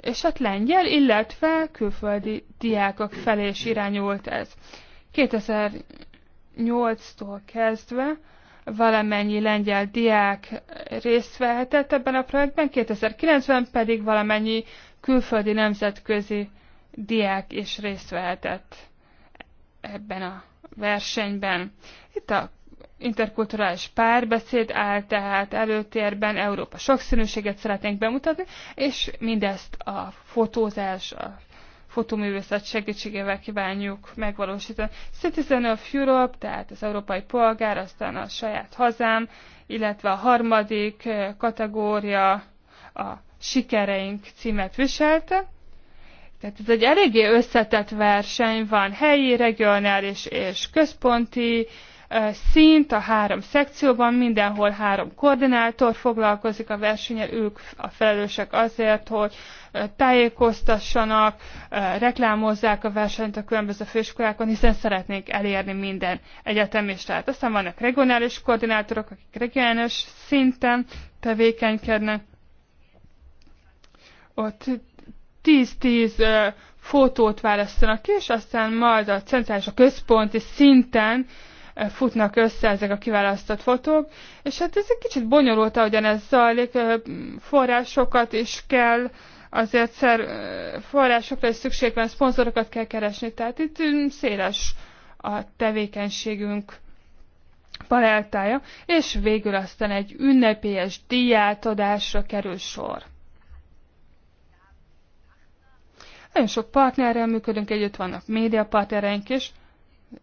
és hát lengyel, illetve külföldi diákok felé is irányult ez. 2008-tól kezdve valamennyi lengyel diák részt vehetett ebben a projektben, 2009-ben pedig valamennyi külföldi nemzetközi diák is részt vehetett ebben a versenyben. Itt a interkulturális párbeszéd áll tehát előtérben, Európa sokszínűséget szeretnénk bemutatni, és mindezt a fotózás, a fotoművészet segítségével kívánjuk megvalósítani. Citizen of Europe, tehát az európai polgár, aztán a saját hazám, illetve a harmadik kategória a sikereink címet viselte. Tehát ez egy eléggé összetett verseny, van helyi, regionális és központi szint a három szekcióban, mindenhol három koordinátor foglalkozik a versenyen, ők a felelősek azért, hogy tájékoztassanak, reklámozzák a versenyt a különböző főiskolákon, hiszen szeretnénk elérni minden egyetemistát. Aztán vannak regionális koordinátorok, akik regionális szinten tevékenykednek. Ott 10-10 fotót választanak ki, és aztán majd a centrális, a központi szinten futnak össze ezek a kiválasztott fotók, és hát ez egy kicsit bonyolult, ahogyan ez zajlik, forrásokat is kell, azért szer, forrásokra is szükség van, szponzorokat kell keresni, tehát itt széles a tevékenységünk paleltája, és végül aztán egy ünnepélyes díjátadásra kerül sor. Nagyon sok partnerrel működünk, együtt vannak médiapartnereink is,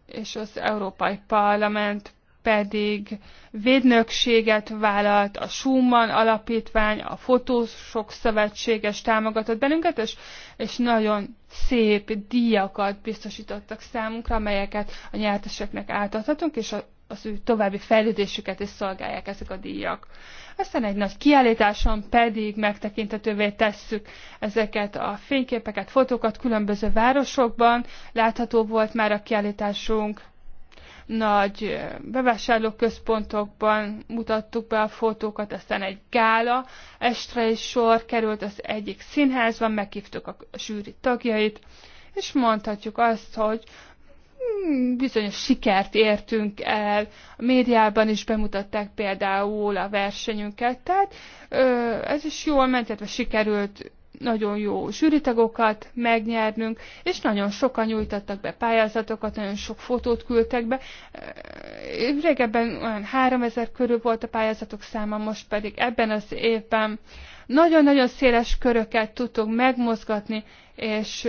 és az Európai Parlament pedig védnökséget vállalt, a Schumann alapítvány, a Fotósok Szövetséges támogatott bennünket, és, és nagyon szép díjakat biztosítottak számunkra, amelyeket a nyerteseknek átadhatunk, és a az ő további fejlődésüket is szolgálják ezek a díjak. Aztán egy nagy kiállításon pedig megtekintetővé tesszük ezeket a fényképeket, fotókat különböző városokban. Látható volt már a kiállításunk nagy bevásárlóközpontokban mutattuk be a fotókat, aztán egy gála estre is sor került az egyik színházban, meghívtuk a zsűri tagjait, és mondhatjuk azt, hogy Hmm, bizonyos sikert értünk el. A médiában is bemutatták például a versenyünket, tehát ez is jól ment, tehát sikerült nagyon jó zsűritagokat megnyernünk, és nagyon sokan nyújtattak be pályázatokat, nagyon sok fotót küldtek be. Régebben olyan 3000 körül volt a pályázatok száma, most pedig ebben az évben nagyon-nagyon széles köröket tudtunk megmozgatni, és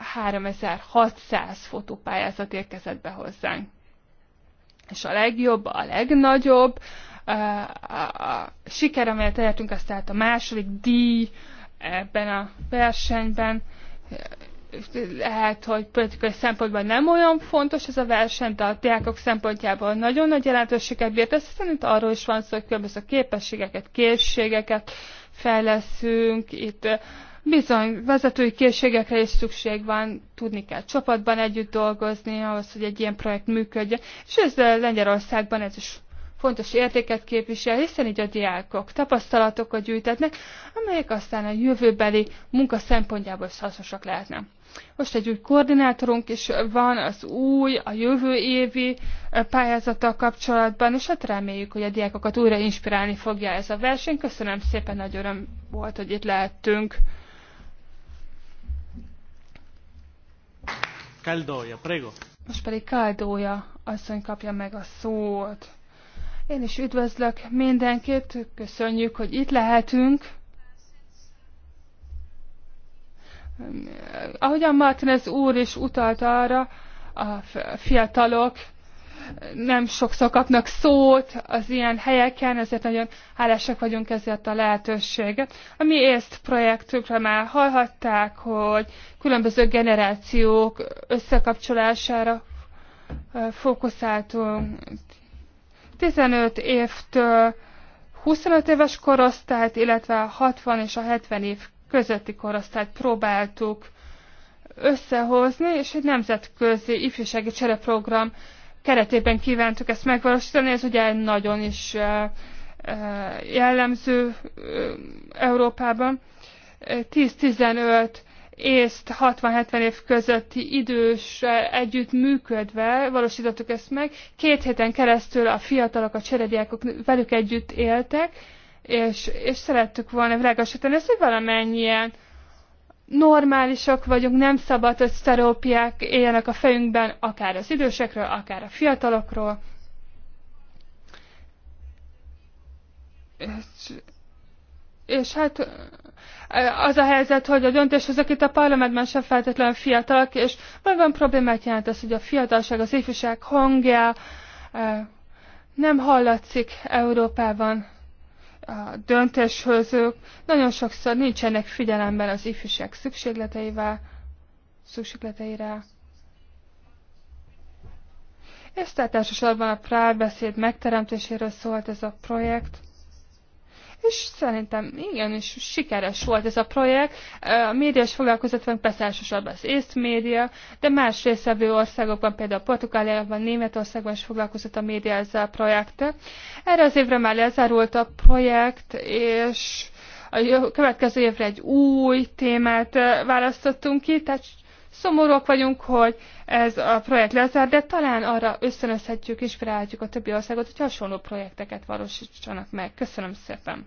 3600 fotópályázat érkezett be hozzánk. És a legjobb, a legnagyobb a, a, a siker, amelyet elértünk, az tehát a második díj ebben a versenyben. Lehet, hogy politikai szempontból nem olyan fontos ez a verseny, de a diákok szempontjából nagyon nagy jelentőséget bírt. Ez szerint arról is van szó, hogy különböző képességeket, készségeket fejleszünk, itt Bizony, vezetői készségekre is szükség van, tudni kell csapatban együtt dolgozni, ahhoz, hogy egy ilyen projekt működjön, és ezzel eh, Lengyelországban ez is fontos értéket képvisel, hiszen így a diákok tapasztalatokat gyűjtetnek, amelyek aztán a jövőbeli munka szempontjából is hasznosak lehetnek. Most egy új koordinátorunk is van, az új, a jövő évi eh, pályázattal kapcsolatban, és hát reméljük, hogy a diákokat újra inspirálni fogja ez a verseny. Köszönöm szépen, nagy öröm volt, hogy itt lehettünk. Kaldója, prego. Most pedig Kaldója asszony kapja meg a szót. Én is üdvözlök mindenkit, köszönjük, hogy itt lehetünk. Ahogyan Martinez úr is utalt arra, a fiatalok nem sokszor kapnak szót az ilyen helyeken, ezért nagyon hálásak vagyunk ezért a lehetőséget. A mi észt projektünkre már hallhatták, hogy különböző generációk összekapcsolására fókuszáltunk. 15 évtől 25 éves korosztályt, illetve a 60 és a 70 év közötti korosztályt próbáltuk összehozni, és egy nemzetközi ifjúsági csereprogram keretében kívántuk ezt megvalósítani. Ez ugye nagyon is jellemző Európában. 10-15 észt 60-70 év közötti idős együtt működve valósítottuk ezt meg. Két héten keresztül a fiatalok, a cserediákok velük együtt éltek, és, és szerettük volna világosítani ezt, hogy valamennyien normálisak vagyunk, nem szabad, hogy sztereópiák éljenek a fejünkben, akár az idősekről, akár a fiatalokról. És, és hát az a helyzet, hogy a döntéshozók itt a parlamentben sem feltétlenül fiatalok, és van problémát jelent az, hogy a fiatalság, az ifjúság hangja nem hallatszik Európában a döntéshozók nagyon sokszor nincsenek figyelemben az ifjúság szükségleteivel, szükségleteire. Ezt a társaságban a prábeszéd megteremtéséről szólt ez a projekt és szerintem és sikeres volt ez a projekt. A médiás foglalkozatban persze elsősorban az észt média, de más részevő országokban, például Portugáliában, Németországban is foglalkozott a média ezzel a projekttel. Erre az évre már lezárult a projekt, és a következő évre egy új témát választottunk ki, tehát Szomorúak vagyunk, hogy ez a projekt lezár, de talán arra összönözhetjük, inspirálhatjuk a többi országot, hogy hasonló projekteket valósítsanak meg. Köszönöm szépen!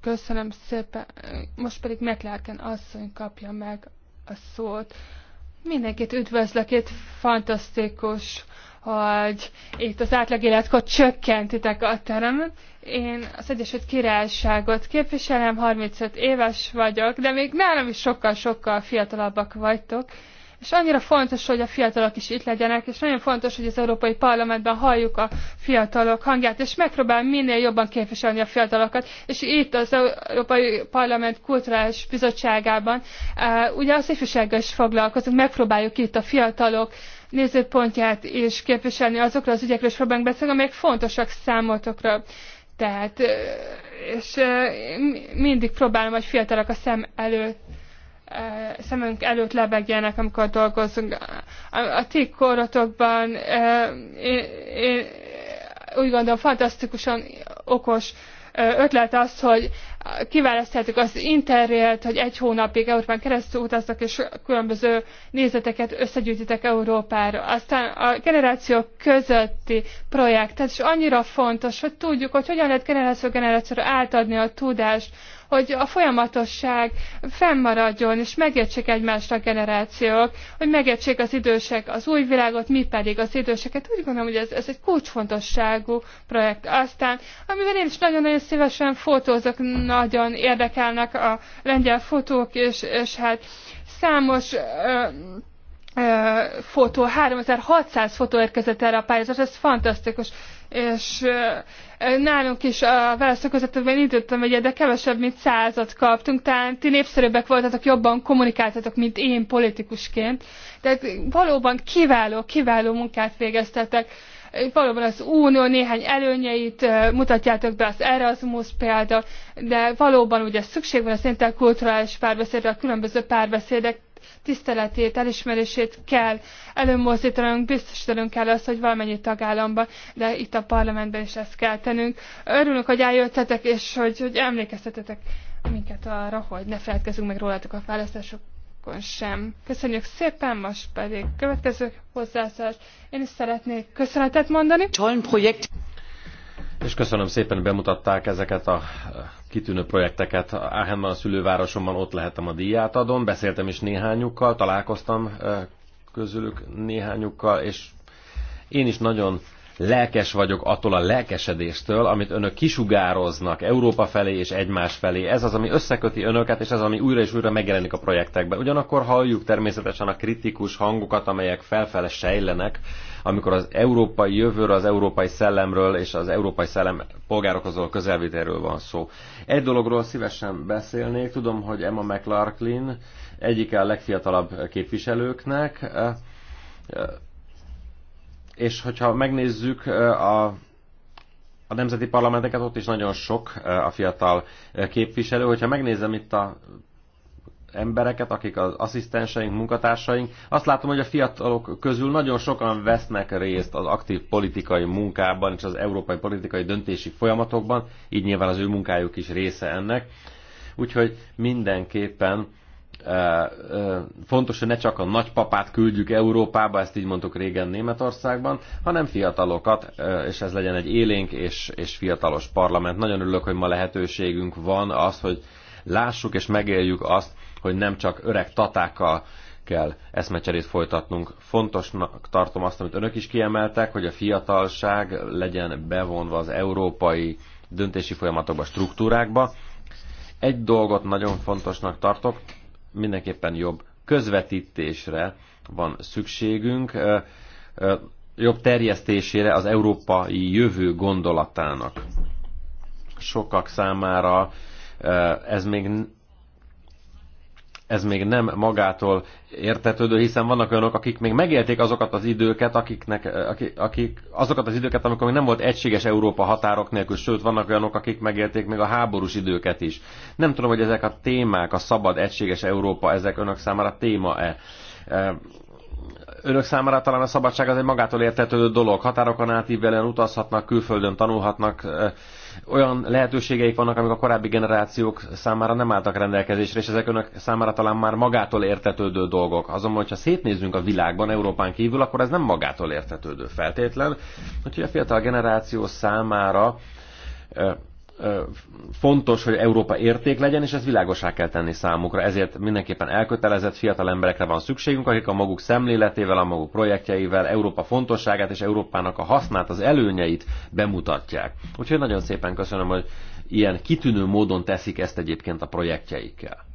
Köszönöm szépen. Most pedig McLarken asszony kapja meg a szót. Mindenkit üdvözlök itt, fantasztikus hogy itt az átlag életkor csökkentitek a terem. Én az Egyesült Királyságot képviselem, 35 éves vagyok, de még nálam is sokkal-sokkal fiatalabbak vagytok. És annyira fontos, hogy a fiatalok is itt legyenek, és nagyon fontos, hogy az Európai Parlamentben halljuk a fiatalok hangját, és megpróbál minél jobban képviselni a fiatalokat. És itt az Európai Parlament Kulturális Bizottságában, eh, ugye az ifjúsággal is foglalkozunk, megpróbáljuk itt a fiatalok uh, nézőpontját és képviselni azokra az ügyekről is próbálunk beszélni, amelyek fontosak számotokra. Tehát, és mindig próbálom, hogy fiatalok a szem előtt szemünk előtt lebegjenek, amikor dolgozunk. A, a ti korotokban én, én úgy gondolom fantasztikusan okos ötlet az, hogy kiválaszthatjuk az interrailt, hogy egy hónapig Európán keresztül utaztak és különböző nézeteket összegyűjtitek Európára. Aztán a generációk közötti projekt, ez is annyira fontos, hogy tudjuk, hogy hogyan lehet generáció generációra átadni a tudást, hogy a folyamatosság fennmaradjon, és megértsék egymást a generációk, hogy megértsék az idősek az új világot, mi pedig az időseket. Úgy gondolom, hogy ez, ez egy kulcsfontosságú projekt. Aztán, amivel én is nagyon-nagyon szívesen fotózok, na, nagyon érdekelnek a lengyel fotók, és, és hát számos ö, ö, fotó, 3600 fotó érkezett erre a pályázat, ez fantasztikus és nálunk is a választók közöttben indítottam egyet, de kevesebb, mint százat kaptunk, talán ti népszerűbbek voltatok, jobban kommunikáltatok, mint én politikusként. Tehát valóban kiváló, kiváló munkát végeztetek valóban az Unió néhány előnyeit mutatjátok be, az Erasmus példa, de valóban ugye szükség van az interkulturális párbeszédre, a különböző párbeszédek tiszteletét, elismerését kell előmozdítanunk, biztosítanunk kell azt, hogy valamennyi tagállamban, de itt a parlamentben is ezt kell tennünk. Örülünk, hogy eljöttetek, és hogy, hogy emlékeztetetek minket arra, hogy ne feledkezzünk meg rólatok a választások napokon sem. Köszönjük szépen, most pedig következő hozzászólás. Én is szeretnék köszönetet mondani. projekt. És köszönöm szépen, bemutatták ezeket a eh, kitűnő projekteket. Áhenban, a szülővárosomban ott lehetem a díját adom, beszéltem is néhányukkal, találkoztam eh, közülük néhányukkal, és én is nagyon lelkes vagyok attól a lelkesedéstől, amit önök kisugároznak Európa felé és egymás felé. Ez az, ami összeköti önöket, és ez, ami újra és újra megjelenik a projektekben. Ugyanakkor halljuk természetesen a kritikus hangokat, amelyek felfele sejlenek, amikor az európai jövőről, az európai szellemről és az európai szellem polgárokhoz való közelvételről van szó. Egy dologról szívesen beszélnék, tudom, hogy Emma McLarklin egyike a legfiatalabb képviselőknek, és hogyha megnézzük a, a nemzeti parlamenteket, ott is nagyon sok a fiatal képviselő. Hogyha megnézem itt a embereket, akik az asszisztenseink, munkatársaink, azt látom, hogy a fiatalok közül nagyon sokan vesznek részt az aktív politikai munkában és az európai politikai döntési folyamatokban, így nyilván az ő munkájuk is része ennek. Úgyhogy mindenképpen fontos, hogy ne csak a nagypapát küldjük Európába, ezt így mondtuk régen Németországban, hanem fiatalokat, és ez legyen egy élénk és, és fiatalos parlament. Nagyon örülök, hogy ma lehetőségünk van az, hogy lássuk és megéljük azt, hogy nem csak öreg tatákkal kell eszmecserét folytatnunk. Fontosnak tartom azt, amit önök is kiemeltek, hogy a fiatalság legyen bevonva az európai döntési folyamatokba, struktúrákba. Egy dolgot nagyon fontosnak tartok, mindenképpen jobb közvetítésre van szükségünk, jobb terjesztésére az európai jövő gondolatának. Sokak számára ez még ez még nem magától értetődő, hiszen vannak olyanok, akik még megélték azokat az időket, akiknek, eh, akik, akik, azokat az időket, amikor még nem volt egységes Európa határok nélkül, sőt, vannak olyanok, akik megélték még a háborús időket is. Nem tudom, hogy ezek a témák, a szabad, egységes Európa, ezek önök számára téma-e? Eh, önök számára talán a szabadság az egy magától értetődő dolog. Határokon átívelően utazhatnak, külföldön tanulhatnak, eh, olyan lehetőségeik vannak, amik a korábbi generációk számára nem álltak rendelkezésre, és ezek önök számára talán már magától értetődő dolgok. Azonban, hogyha szétnézünk a világban, Európán kívül, akkor ez nem magától értetődő feltétlen. Úgyhogy a fiatal generáció számára fontos, hogy Európa érték legyen, és ezt világosá kell tenni számukra. Ezért mindenképpen elkötelezett fiatal emberekre van szükségünk, akik a maguk szemléletével, a maguk projektjeivel Európa fontosságát és Európának a hasznát, az előnyeit bemutatják. Úgyhogy nagyon szépen köszönöm, hogy ilyen kitűnő módon teszik ezt egyébként a projektjeikkel.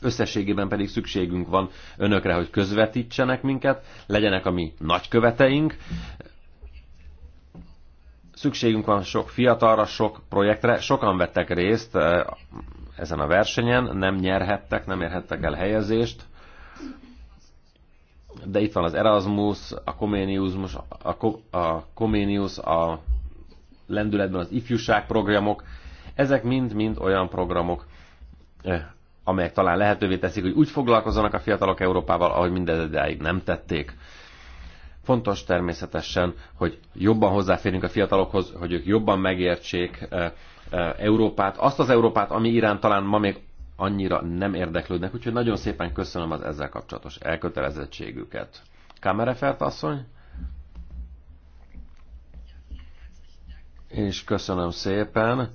Összességében pedig szükségünk van önökre, hogy közvetítsenek minket, legyenek a mi nagyköveteink, Szükségünk van sok fiatalra, sok projektre. Sokan vettek részt eh, ezen a versenyen, nem nyerhettek, nem érhettek el helyezést. De itt van az Erasmus, a Comenius, a, a, Comenius, a lendületben az ifjúság programok. Ezek mind-mind olyan programok, eh, amelyek talán lehetővé teszik, hogy úgy foglalkozzanak a fiatalok Európával, ahogy mindez nem tették. Fontos természetesen, hogy jobban hozzáférjünk a fiatalokhoz, hogy ők jobban megértsék eh, eh, Európát, azt az Európát, ami irán talán ma még annyira nem érdeklődnek, úgyhogy nagyon szépen köszönöm az ezzel kapcsolatos elkötelezettségüket. Kamerefert asszony? És köszönöm szépen.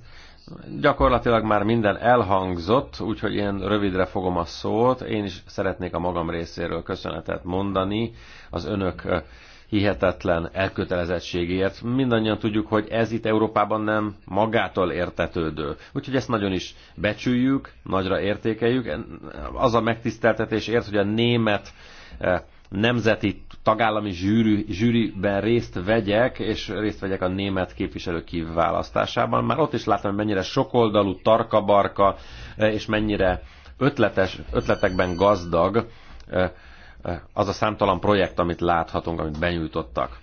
Gyakorlatilag már minden elhangzott, úgyhogy én rövidre fogom a szót. Én is szeretnék a magam részéről köszönetet mondani az önök hihetetlen elkötelezettségéért. Mindannyian tudjuk, hogy ez itt Európában nem magától értetődő. Úgyhogy ezt nagyon is becsüljük, nagyra értékeljük. Az a megtiszteltetés ért, hogy a német nemzeti tagállami zsűri, zsűriben részt vegyek, és részt vegyek a német képviselő kiválasztásában. Már ott is láttam, hogy mennyire sokoldalú, tarkabarka, eh, és mennyire ötletes, ötletekben gazdag eh, eh, az a számtalan projekt, amit láthatunk, amit benyújtottak.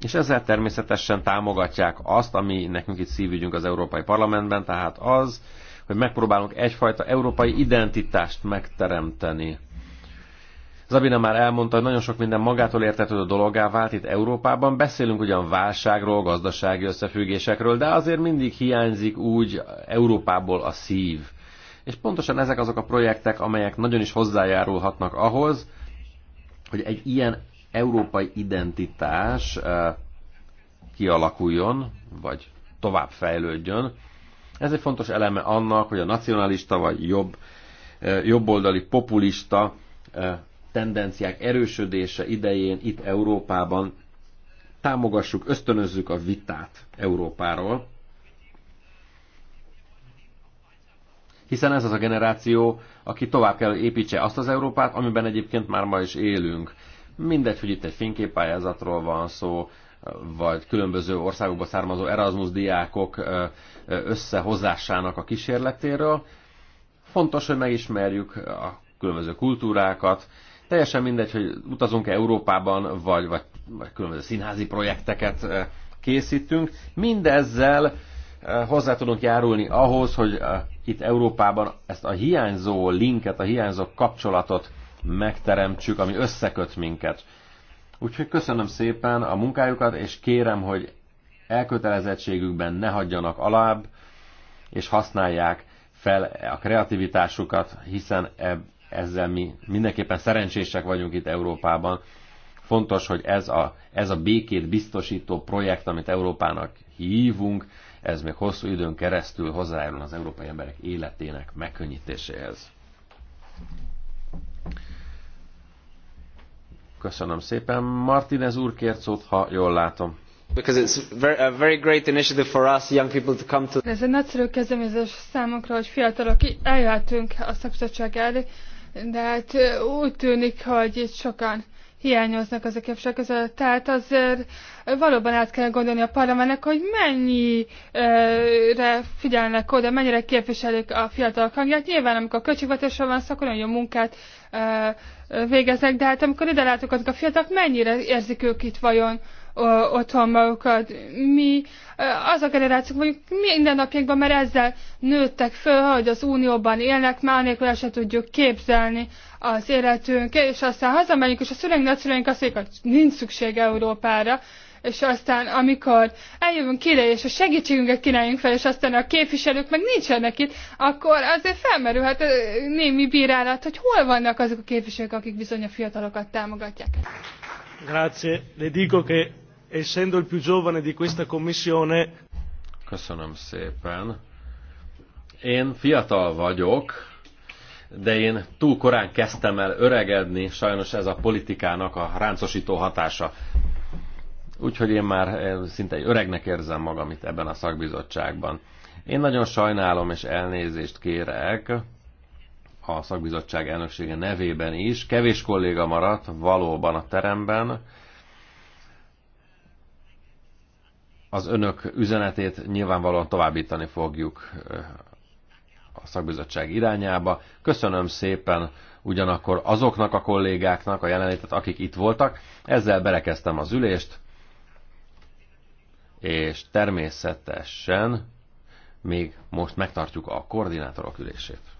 És ezzel természetesen támogatják azt, ami nekünk itt szívügyünk az Európai Parlamentben, tehát az, hogy megpróbálunk egyfajta európai identitást megteremteni Zabina már elmondta, hogy nagyon sok minden magától értetődő dologá vált itt Európában. Beszélünk ugyan válságról, gazdasági összefüggésekről, de azért mindig hiányzik úgy Európából a szív. És pontosan ezek azok a projektek, amelyek nagyon is hozzájárulhatnak ahhoz, hogy egy ilyen európai identitás kialakuljon, vagy tovább fejlődjön. Ez egy fontos eleme annak, hogy a nacionalista vagy jobb, jobboldali populista tendenciák erősödése idején itt Európában támogassuk, ösztönözzük a vitát Európáról, hiszen ez az a generáció, aki tovább kell építse azt az Európát, amiben egyébként már ma is élünk. Mindegy, hogy itt egy fényképpályázatról van szó, vagy különböző országokba származó Erasmus diákok összehozásának a kísérletéről. Fontos, hogy megismerjük a különböző kultúrákat, Teljesen mindegy, hogy utazunk-e Európában, vagy, vagy, vagy különböző színházi projekteket eh, készítünk. Mindezzel eh, hozzá tudunk járulni ahhoz, hogy eh, itt Európában ezt a hiányzó linket, a hiányzó kapcsolatot megteremtsük, ami összeköt minket. Úgyhogy köszönöm szépen a munkájukat, és kérem, hogy elkötelezettségükben ne hagyjanak alább, és használják fel a kreativitásukat, hiszen ezzel mi mindenképpen szerencsések vagyunk itt Európában. Fontos, hogy ez a, ez a békét biztosító projekt, amit Európának hívunk, ez még hosszú időn keresztül hozzájárul az európai emberek életének megkönnyítéséhez. Köszönöm szépen. Martinez úr kért szót, ha jól látom. Because it's a very great initiative for us young people to come to. Ez egy nagyszerű kezdeményezés számunkra, hogy fiatalok eljöhetünk a szakszatság elé, de hát úgy tűnik, hogy itt sokan hiányoznak az a képviselők között. Tehát azért valóban át kell gondolni a parlamentnek, hogy mennyire figyelnek oda, mennyire képviselik a fiatalok hangját. Nyilván, amikor költségvetésről van szó, akkor nagyon jó munkát végeznek, de hát amikor ide azok a fiatalok, mennyire érzik ők itt vajon otthon magukat. Mi, az a generációk minden mindennapjainkban mert ezzel nőttek föl, hogy az unióban élnek, már nélkül el tudjuk képzelni az életünk, és aztán hazamegyünk, és a szüleink, nagyszüleink azt mondják, hogy nincs szükség Európára, és aztán amikor eljövünk ide, és a segítségünket kínáljunk fel, és aztán a képviselők meg nincsenek itt, akkor azért felmerülhet a némi bírálat, hogy hol vannak azok a képviselők, akik bizony a fiatalokat támogatják. Grazie. Le dico che essendo il più giovane di questa commissione. Köszönöm szépen. Én fiatal vagyok, de én túl korán kezdtem el öregedni, sajnos ez a politikának a ráncosító hatása. Úgyhogy én már eh, szinte egy öregnek érzem magam itt ebben a szakbizottságban. Én nagyon sajnálom és elnézést kérek a szakbizottság elnöksége nevében is. Kevés kolléga maradt valóban a teremben, az önök üzenetét nyilvánvalóan továbbítani fogjuk a szakbizottság irányába. Köszönöm szépen ugyanakkor azoknak a kollégáknak a jelenlétet, akik itt voltak. Ezzel berekeztem az ülést, és természetesen még most megtartjuk a koordinátorok ülését.